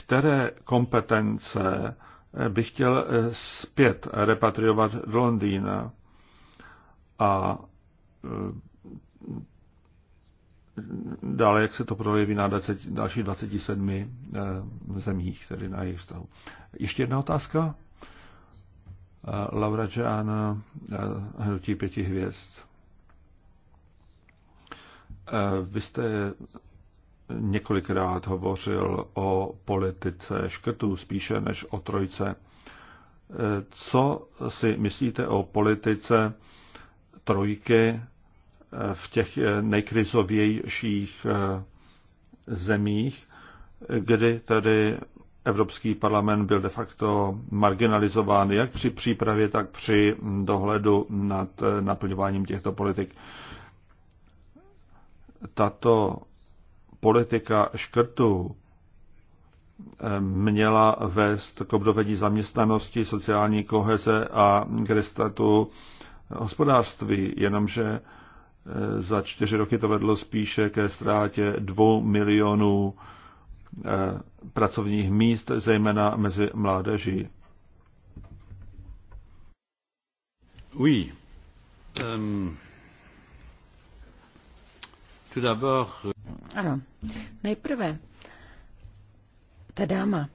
které kompetence eh, by chtěl zpět repatriovat do Londýna. A dále, jak se to projeví na dalších 27 eh, zemích, tedy na jejich vztahu. Ještě jedna otázka. Eh, Laura Jean, eh, Hnutí pěti hvězd. Vy jste několikrát hovořil o politice škrtů spíše než o trojce. Co si myslíte o politice trojky v těch eh, nejkrizovějších eh, zemích, kdy tady Evropský parlament byl de facto marginalizován jak při přípravě, tak při dohledu nad eh, naplňováním těchto politik. Tato politika škrtů měla vést k obnovení zaměstnanosti, sociální koheze a k restatu hospodářství, jenomže Eh, za čtyři roky to vedlo spíše ke ztrátě dvou milionů eh, pracovních míst, zejména mezi mládeží. Oui. Um, tout d'abord... Euh, ano. Nejprve ta dáma,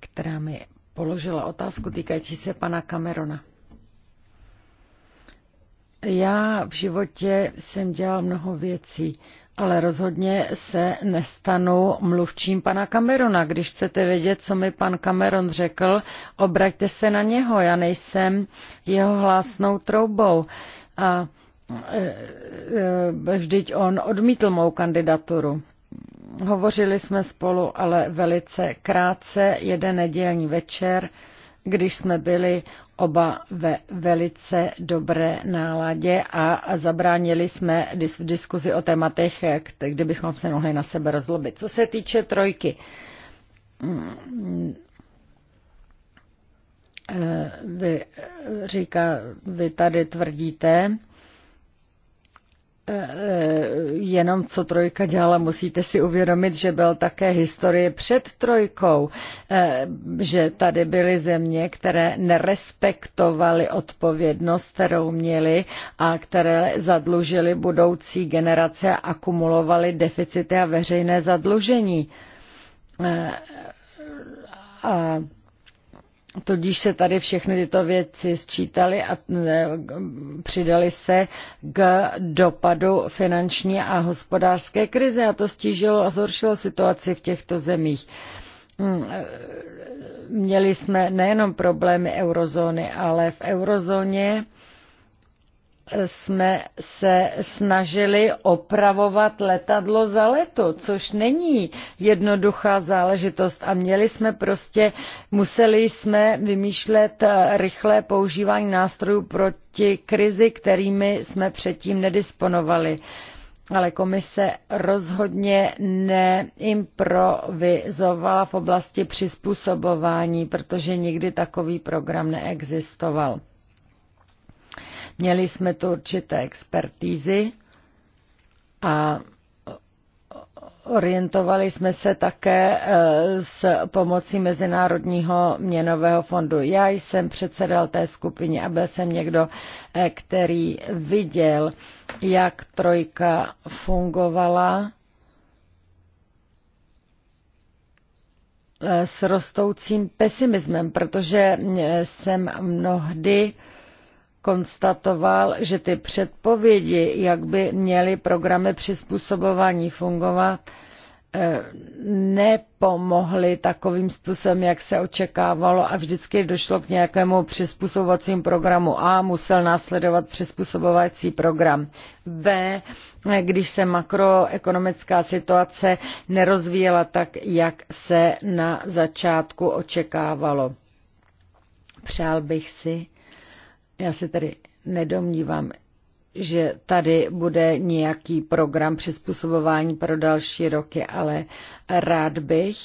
která mi položila otázku týkající se pana Camerona. Já v životě jsem dělal mnoho věcí, ale rozhodně se nestanu mluvčím pana Camerona. Když chcete vědět, co mi pan Cameron řekl, obraťte se na něho. Já nejsem jeho hlásnou troubou. A e, e, vždyť on odmítl mou kandidaturu. Hovořili jsme spolu, ale velice krátce, jeden nedělní večer když jsme byli oba ve velice dobré náladě a zabránili jsme v diskuzi o tématech, bychom se mohli na sebe rozlobit. Co se týče trojky, mm, mm, e, vy, e, říká, vy tady tvrdíte, Eh, eh, jenom co trojka dělala, musíte si uvědomit, že byl také historie před trojkou, eh, že tady byly země, které nerespektovaly odpovědnost, kterou měly a které zadlužily budoucí generace a akumulovaly deficity a veřejné zadlužení. A Tudíž se tady všechny tyto věci sčítaly a eh, přidali se k dopadu finanční a hospodářské krize a to stížilo a zhoršilo situaci v těchto zemích. Hmm, eh, měli jsme nejenom problémy eurozóny, ale v eurozóně jsme se snažili opravovat letadlo za leto, což není jednoduchá záležitost a měli jsme prostě, museli jsme vymýšlet rychlé používání nástrojů proti krizi, kterými jsme předtím nedisponovali. Ale komise rozhodně neimprovizovala v oblasti přizpůsobování, protože nikdy takový program neexistoval. Měli jsme tu určité expertízy a orientovali jsme se také eh, s pomocí Mezinárodního měnového fondu. Já jsem předsedal té skupině a byl jsem někdo, eh, který viděl, jak trojka fungovala eh, s rostoucím pesimismem, protože jsem mnohdy konstatoval, že ty předpovědi, jak by měly programy přizpůsobování fungovat, eh, nepomohly takovým způsobem, jak se očekávalo a vždycky došlo k nějakému přizpůsobovacím programu A, musel následovat přizpůsobovací program B, eh, když se makroekonomická situace nerozvíjela tak, jak se na začátku očekávalo. Přál bych si, já se tedy nedomnívám, že tady bude nějaký program přizpůsobování pro další roky, ale rád bych,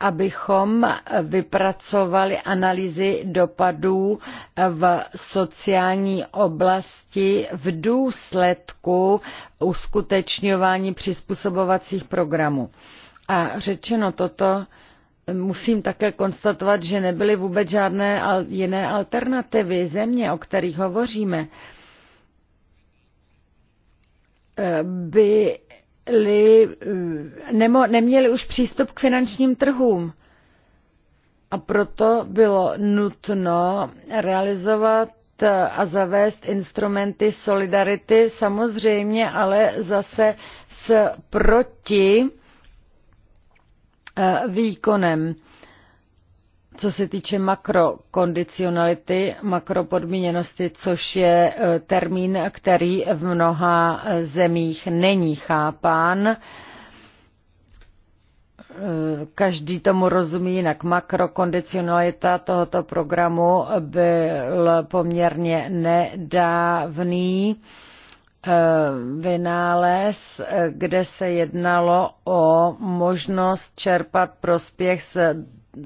abychom vypracovali analýzy dopadů v sociální oblasti v důsledku uskutečňování přizpůsobovacích programů. A řečeno toto, musím také konstatovat, že nebyly vůbec žádné jiné alternativy země, o kterých hovoříme, eh, byly, eh, nemo, neměli už přístup k finančním trhům. A proto bylo nutno realizovat a zavést instrumenty solidarity, samozřejmě ale zase s proti Eh, výkonem. Co se týče makrokondicionality, makropodmíněnosti, což je eh, termín, který v mnoha eh, zemích není chápán, každý tomu rozumí jinak. Makrokondicionalita tohoto programu byl poměrně nedávný Eh, vynález, eh, kde se jednalo o možnost čerpat prospěch z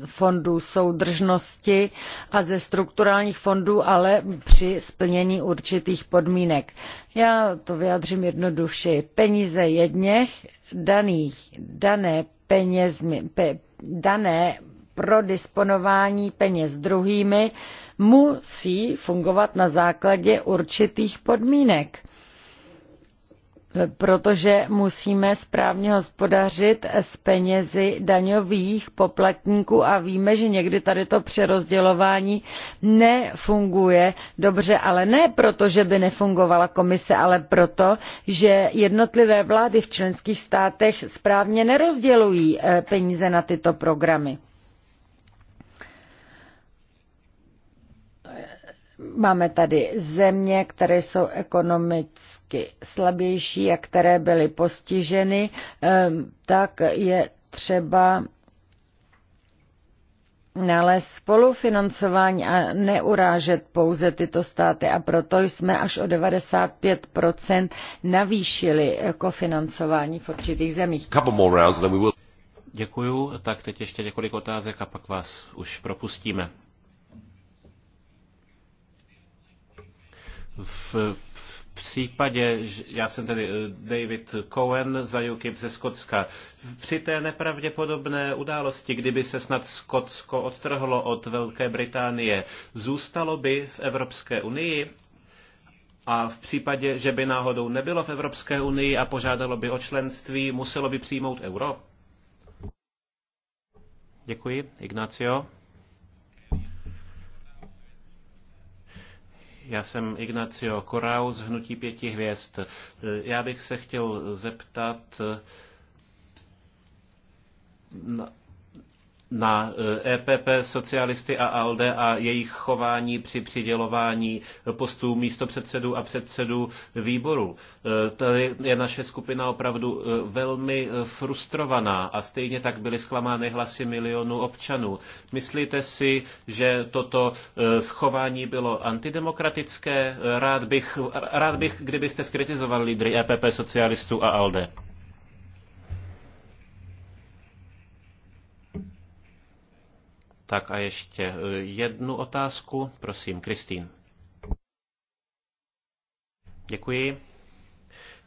fondů soudržnosti a ze strukturálních fondů, ale při splnění určitých podmínek. Já to vyjadřím jednoduše. Peníze jedněch daných, dané penězmi, pe, dané pro disponování peněz druhými musí fungovat na základě určitých podmínek protože musíme správně hospodařit s penězi daňových poplatníků a víme, že někdy tady to přerozdělování nefunguje dobře, ale ne proto, že by nefungovala komise, ale proto, že jednotlivé vlády v členských státech správně nerozdělují eh, peníze na tyto programy. Máme tady země, které jsou ekonomicky ty slabější a které byly postiženy, ehm, tak je třeba nalézt spolufinancování a neurážet pouze tyto státy a proto jsme až o 95 navýšili kofinancování v určitých zemích. Děkuju, tak teď ještě několik otázek a pak vás už propustíme. V případě, já jsem tedy eh, David Cohen za UKIP ze Skotska, při té nepravděpodobné události, kdyby se snad Skotsko odtrhlo od Velké Británie, zůstalo by v Evropské unii? A v případě, že by náhodou nebylo v Evropské unii a požádalo by o členství, muselo by přijmout euro? Děkuji. Ignacio? Já jsem Ignacio Korau z Hnutí pěti hvězd. Já bych se chtěl zeptat, na EPP, eh, e socialisty a ALDE a jejich chování při přidělování postů místopředsedů a předsedů výboru. Eh, tady je naše skupina opravdu eh, velmi frustrovaná a stejně tak byly zklamány hlasy milionů občanů. Myslíte si, že toto chování bylo antidemokratické? Rád bych, rád bych kdybyste skritizoval lídry EPP, socialistů a ALDE. Tak a ještě eh, jednu otázku. Prosím, Kristýn. Děkuji.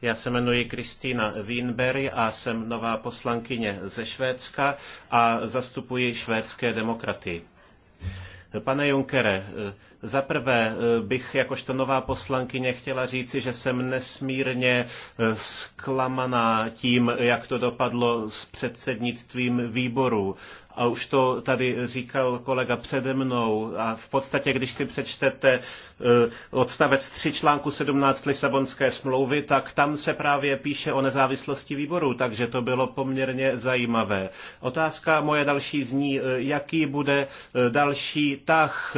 Já se jmenuji Kristýna Wienberg a jsem nová poslankyně ze Švédska a zastupuji švédské demokraty. Pane Junkere, eh, zaprvé eh, bych jakožto nová poslankyně chtěla říci, že jsem nesmírně zklamaná tím, jak to dopadlo s předsednictvím výboru a už to tady říkal kolega přede mnou. A v podstatě, když si přečtete eh, odstavec 3 článku 17 Lisabonské smlouvy, tak tam se právě píše o nezávislosti výboru, takže to bylo poměrně zajímavé. Otázka moje další zní, eh, jaký bude eh, další tah,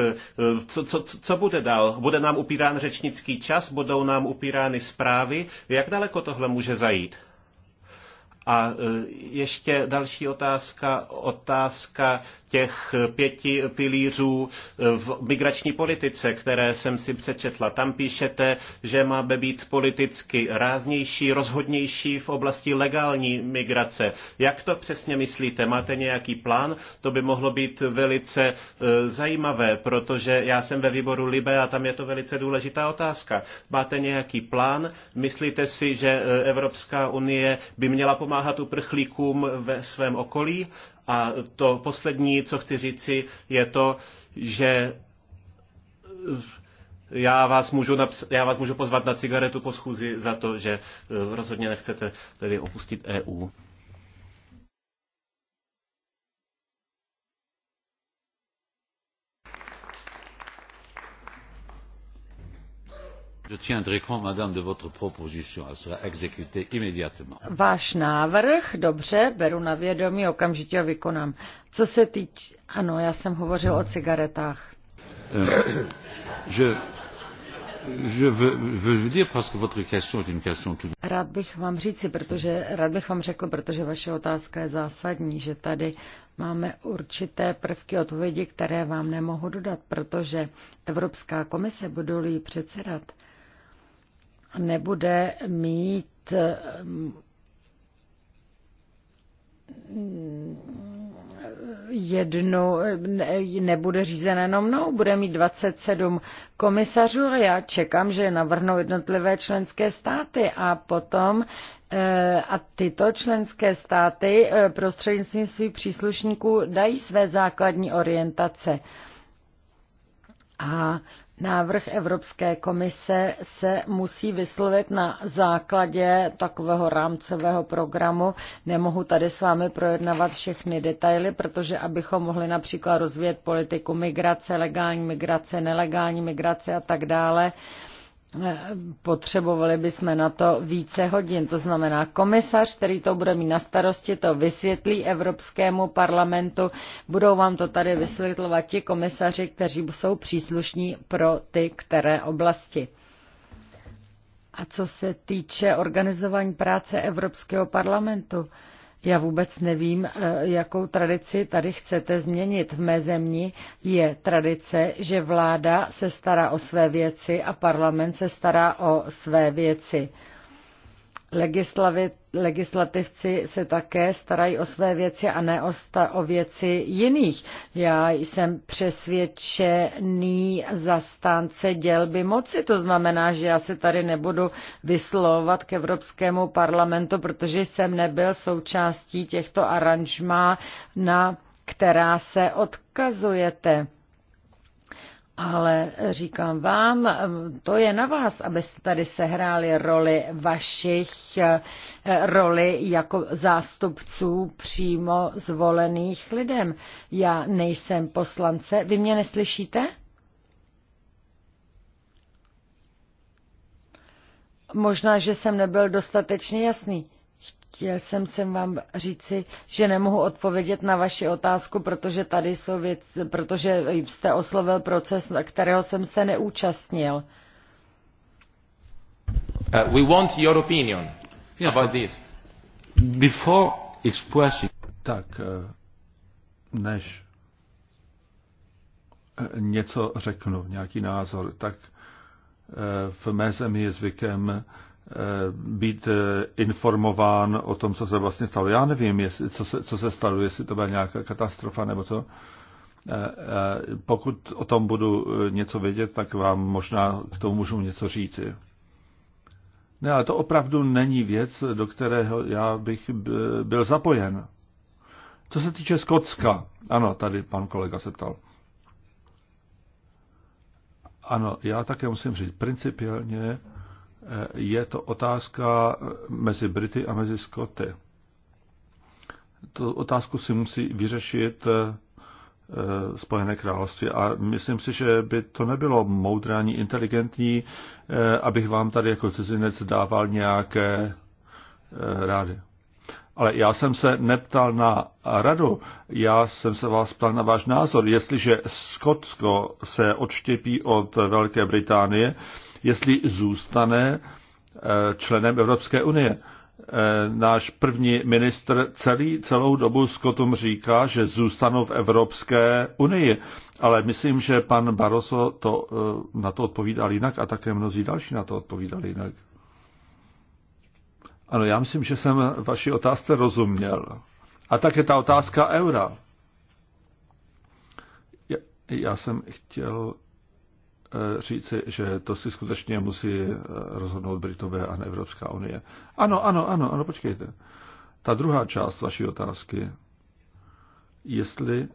co, co, co bude dál? Bude nám upírán řečnický čas, budou nám upírány zprávy, jak daleko tohle může zajít? A e, ještě další otázka, otázka těch pěti pilířů v migrační politice, které jsem si přečetla. Tam píšete, že máme být politicky ráznější, rozhodnější v oblasti legální migrace. Jak to přesně myslíte? Máte nějaký plán? To by mohlo být velice e, zajímavé, protože já jsem ve výboru Libe a tam je to velice důležitá otázka. Máte nějaký plán? Myslíte si, že e, Evropská unie by měla pomáhat uprchlíkům ve svém okolí? A to poslední, co chci říci, je to, že já vás, můžu naps- já vás můžu pozvat na cigaretu po schůzi za to, že eh, rozhodně nechcete tedy opustit EU. Váš návrh, dobře, beru na vědomí, okamžitě ho vykonám. Co se týče, ano, já jsem hovořil o cigaretách. Euh, je, je veux dire parce que votre question est une question Rád bych vám říci, protože rád bych vám řekl, protože vaše otázka je zásadní, že tady máme určité prvky odpovědi, které vám nemohu dodat, protože Evropská komise, budou jí předsedat, nebude mít eh, jednu, ne, nebude řízena jenom mnou, bude mít 27 komisařů a já čekám, že je navrhnou jednotlivé členské státy a potom eh, a tyto členské státy eh, prostřednictvím svých příslušníků dají své základní orientace. A Návrh Evropské komise se musí vyslovit na základě takového rámcového programu. Nemohu tady s vámi projednávat všechny detaily, protože abychom mohli například rozvíjet politiku migrace, legální migrace, nelegální migrace a tak dále, potřebovali bychom na to více hodin. To znamená, komisař, který to bude mít na starosti, to vysvětlí Evropskému parlamentu. Budou vám to tady vysvětlovat ti komisaři, kteří jsou příslušní pro ty které oblasti. A co se týče organizování práce Evropského parlamentu, já vůbec nevím, eh, jakou tradici tady chcete změnit. V mé zemi je tradice, že vláda se stará o své věci a parlament se stará o své věci legislativci se také starají o své věci a ne o, sta, o věci jiných. Já jsem přesvědčený zastánce dělby moci, to znamená, že já se tady nebudu vyslovovat k Evropskému parlamentu, protože jsem nebyl součástí těchto aranžmá, na která se odkazujete. Ale říkám vám, to je na vás, abyste tady sehráli roli vašich, eh, roli jako zástupců přímo zvolených lidem. Já nejsem poslance, vy mě neslyšíte? Možná, že jsem nebyl dostatečně jasný chtěl jsem sem vám říci, že nemohu odpovědět na vaši otázku, protože tady jsou věc, protože jste oslovil proces, kterého jsem se neúčastnil. Uh, we want your opinion yes, about this. Before expressing... Tak, eh, než eh, něco řeknu, nějaký názor, tak eh, v mé zemi je zvykem Eh, být eh, informován o tom, co se vlastně stalo. Já nevím, jestli, co, se, co se stalo, jestli to byla nějaká katastrofa nebo co. Eh, pokud o tom budu něco vědět, tak vám možná k tomu můžu něco říci. Ne, ale to opravdu není věc, do kterého já bych byl zapojen. Co se týče Skotska, ano, tady pan kolega se ptal. Ano, já také musím říct, principiálně je to otázka mezi Brity a mezi Skoty. Tu otázku si musí vyřešit eh, Spojené království. A myslím si, že by to nebylo moudré ani inteligentní, eh, abych vám tady jako cizinec dával nějaké eh, rády. Ale já jsem se neptal na radu, já jsem se vás ptal na váš názor. Jestliže Skotsko se odštěpí od Velké Británie, jestli zůstane eh, členem Evropské unie. Eh, náš první ministr celý, celou dobu Skotům říká, že zůstanou v Evropské unii, ale myslím, že pan Barroso to, eh, na to odpovídal jinak a také mnozí další na to odpovídali jinak. Ano, já myslím, že jsem vaši otázce rozuměl. A také ta otázka eura. Já, já jsem chtěl Eh, říci, že to si skutečně musí eh, rozhodnout Britové a ne Evropská unie. Ano, ano, ano, ano, počkejte. Ta druhá část vaší otázky, jestli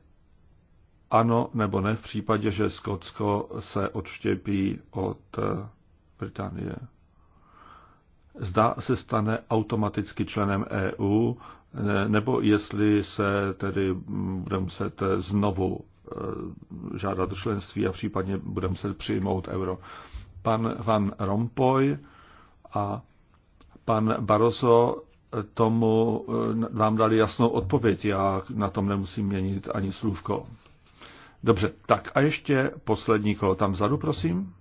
ano nebo ne v případě, že Skotsko se odštěpí od eh, Británie. Zda se stane automaticky členem EU, nebo jestli se tedy mm, bude muset znovu Eh, žádat o členství a případně bude muset přijmout euro. Pan Van Rompuy a pan Barroso eh, tomu eh, vám dali jasnou odpověď. Já na tom nemusím měnit ani slůvko. Dobře, tak a ještě poslední kolo tam vzadu, prosím.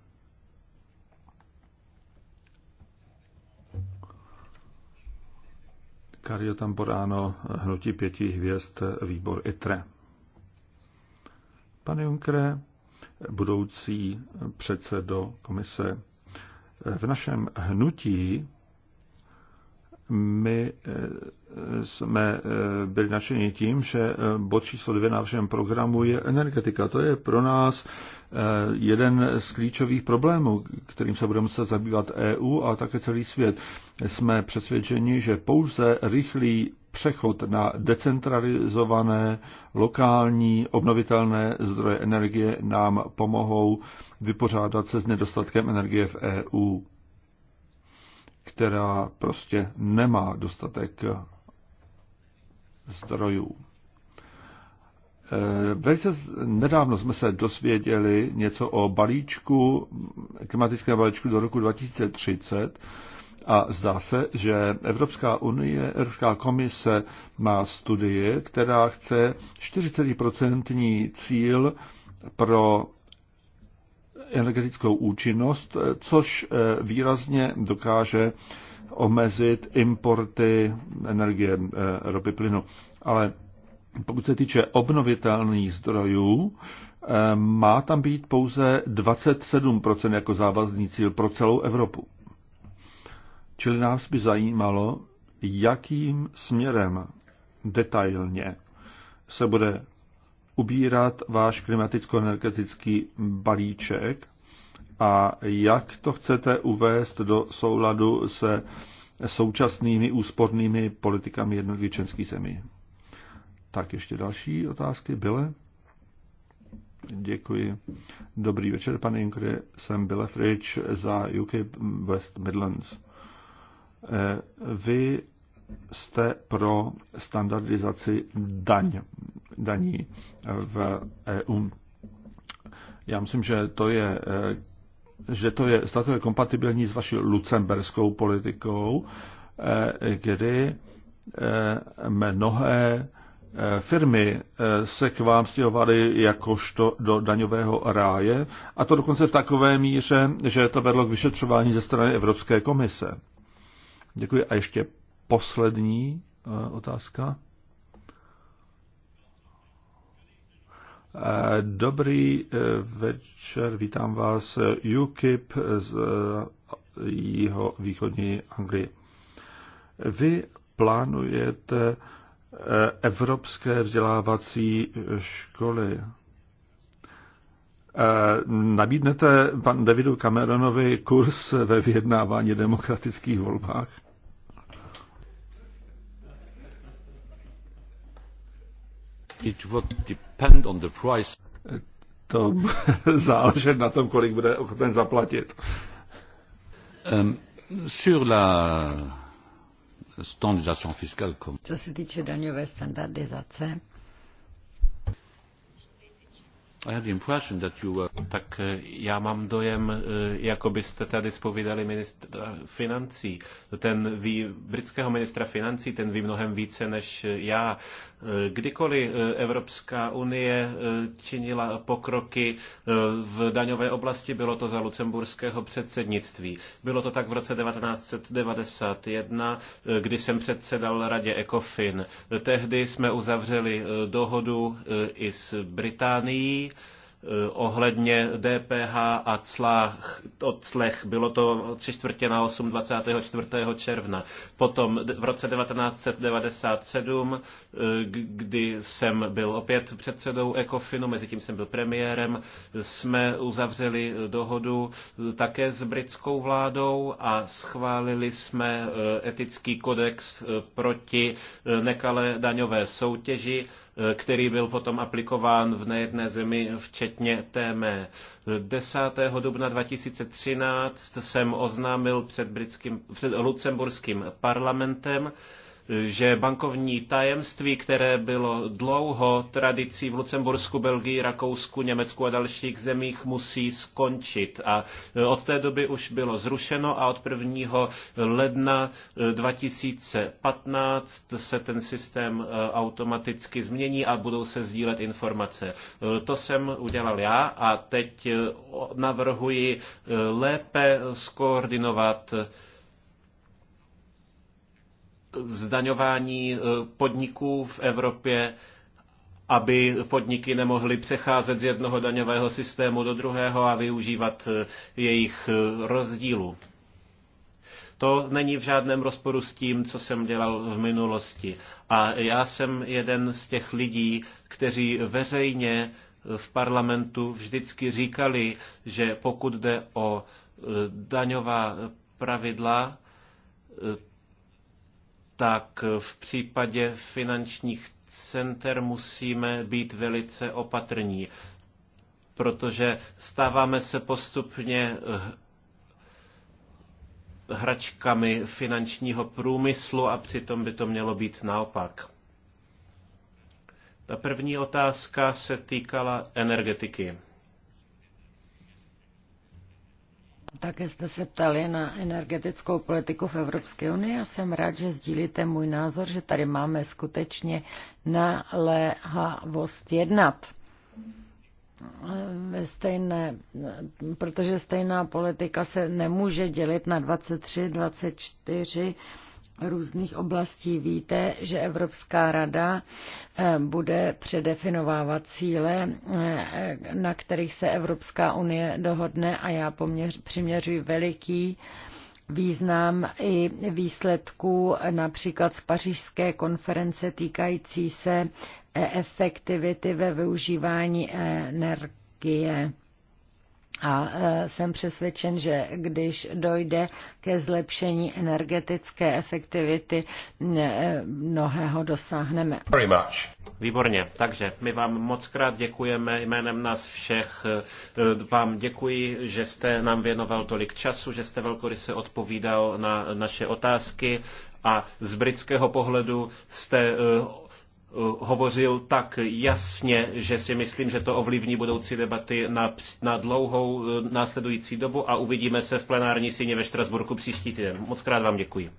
Kario Tamporáno, Hnutí pěti hvězd, výbor ITRE. Pane Junkere, budoucí předsedo komise, v našem hnutí my eh, jsme eh, byli nadšeni tím, že eh, bod číslo dvě na všem programu je energetika. To je pro nás jeden z klíčových problémů, kterým se bude muset zabývat EU a také celý svět. Jsme přesvědčeni, že pouze rychlý přechod na decentralizované lokální obnovitelné zdroje energie nám pomohou vypořádat se s nedostatkem energie v EU, která prostě nemá dostatek zdrojů. E, velice nedávno jsme se dosvěděli něco o balíčku, klimatickém balíčku do roku 2030, a zdá se, že Evropská unie, Evropská komise má studii, která chce 40% cíl pro energetickou účinnost, což eh, výrazně dokáže omezit importy energie eh, ropy plynu. Ale pokud se týče obnovitelných zdrojů, eh, má tam být pouze 27% jako závazný cíl pro celou Evropu. Čili nás by zajímalo, jakým směrem detailně se bude ubírat váš klimaticko-energetický balíček a jak to chcete uvést do souladu se současnými úspornými politikami jednotlivých členských zemí. Tak ještě další otázky byly. Děkuji. Dobrý večer, pane Inkry. Jsem Bile Fridge za UK West Midlands. Eh, vy jste pro standardizaci daň, daní v EU. Já myslím, že to je eh, že to je, to je kompatibilní s vaší lucemberskou politikou, eh, kdy mnohé firmy se k vám stěhovaly jakožto do daňového ráje, a to dokonce v takové míře, že to vedlo k vyšetřování ze strany Evropské komise. Děkuji. A ještě poslední eh, otázka. Eh, dobrý eh, večer, vítám vás UKIP z jeho východní Anglie. Vy plánujete evropské vzdělávací školy. Nabídnete pan Davidu Cameronovi kurz ve vyjednávání demokratických volbách? It would depend To *laughs* záleží na tom, kolik bude ochoten zaplatit. Um, sur la standardisation fiscale. comme. Co se týče daňové standardizace, tak eh, já mám dojem, eh, jako byste tady spovídali ministra financí. Ten ví, britského ministra financí, ten ví mnohem více než eh, já. Kdykoliv Evropská unie činila pokroky v daňové oblasti, bylo to za lucemburského předsednictví. Bylo to tak v roce 1991, kdy jsem předsedal radě ECOFIN. Tehdy jsme uzavřeli dohodu i s Británií, Eh, ohledně DPH a clách, od clech. Bylo to tři čtvrtě na 8 24. června. Potom v roce 1997, eh, kdy jsem byl opět předsedou Ecofinu, mezi tím jsem byl premiérem, jsme uzavřeli eh, dohodu také s britskou vládou a schválili jsme etický kodex proti nekalé daňové soutěži Eh, který byl potom aplikován v nejedné zemi, včetně té mé. 10. dubna 2013 jsem oznámil před, britským, před lucemburským parlamentem, že bankovní tajemství, které bylo dlouho tradicí v Lucembursku, Belgii, Rakousku, Německu a dalších zemích, musí skončit. A e, od té doby už bylo zrušeno a od 1. ledna 2015 e, se ten systém e, automaticky změní a budou se sdílet informace. To jsem udělal já a teď navrhuji lépe skoordinovat zdaňování eh, podniků v Evropě, aby podniky nemohly přecházet z jednoho daňového systému do druhého a využívat eh, jejich eh, rozdílů. To není v žádném rozporu s tím, co jsem dělal v minulosti. A já jsem jeden z těch lidí, kteří veřejně v parlamentu vždycky říkali, že pokud jde o daňová pravidla, tak v případě finančních center musíme být velice opatrní, protože stáváme se postupně eh, hračkami finančního průmyslu a přitom by to mělo být naopak. Ta první otázka se týkala energetiky. Také jste se ptali na energetickou politiku v Evropské unii. Já jsem rád, že sdílíte můj názor, že tady máme skutečně naléhavost jednat. Ve stejné, protože stejná politika se nemůže dělit na 23, 24 různých oblastí. Víte, že Evropská rada eh, bude předefinovávat cíle, eh, na kterých se Evropská unie dohodne a já poměř, přiměřuji veliký význam i výsledků například z pařížské konference týkající se efektivity ve využívání energie. A e, jsem přesvědčen, že když dojde ke zlepšení energetické efektivity, e, mnohého dosáhneme. Very much. Výborně, takže my vám moc krát děkujeme jménem nás všech. E, vám děkuji, že jste nám věnoval tolik času, že jste velkoryse odpovídal na naše otázky a z britského pohledu jste Eh, hovořil tak jasně, že si myslím, že to ovlivní budoucí debaty na, na dlouhou eh, následující dobu a uvidíme se v plenární síně ve Štrasburku příští týden. Moc krát vám děkuji.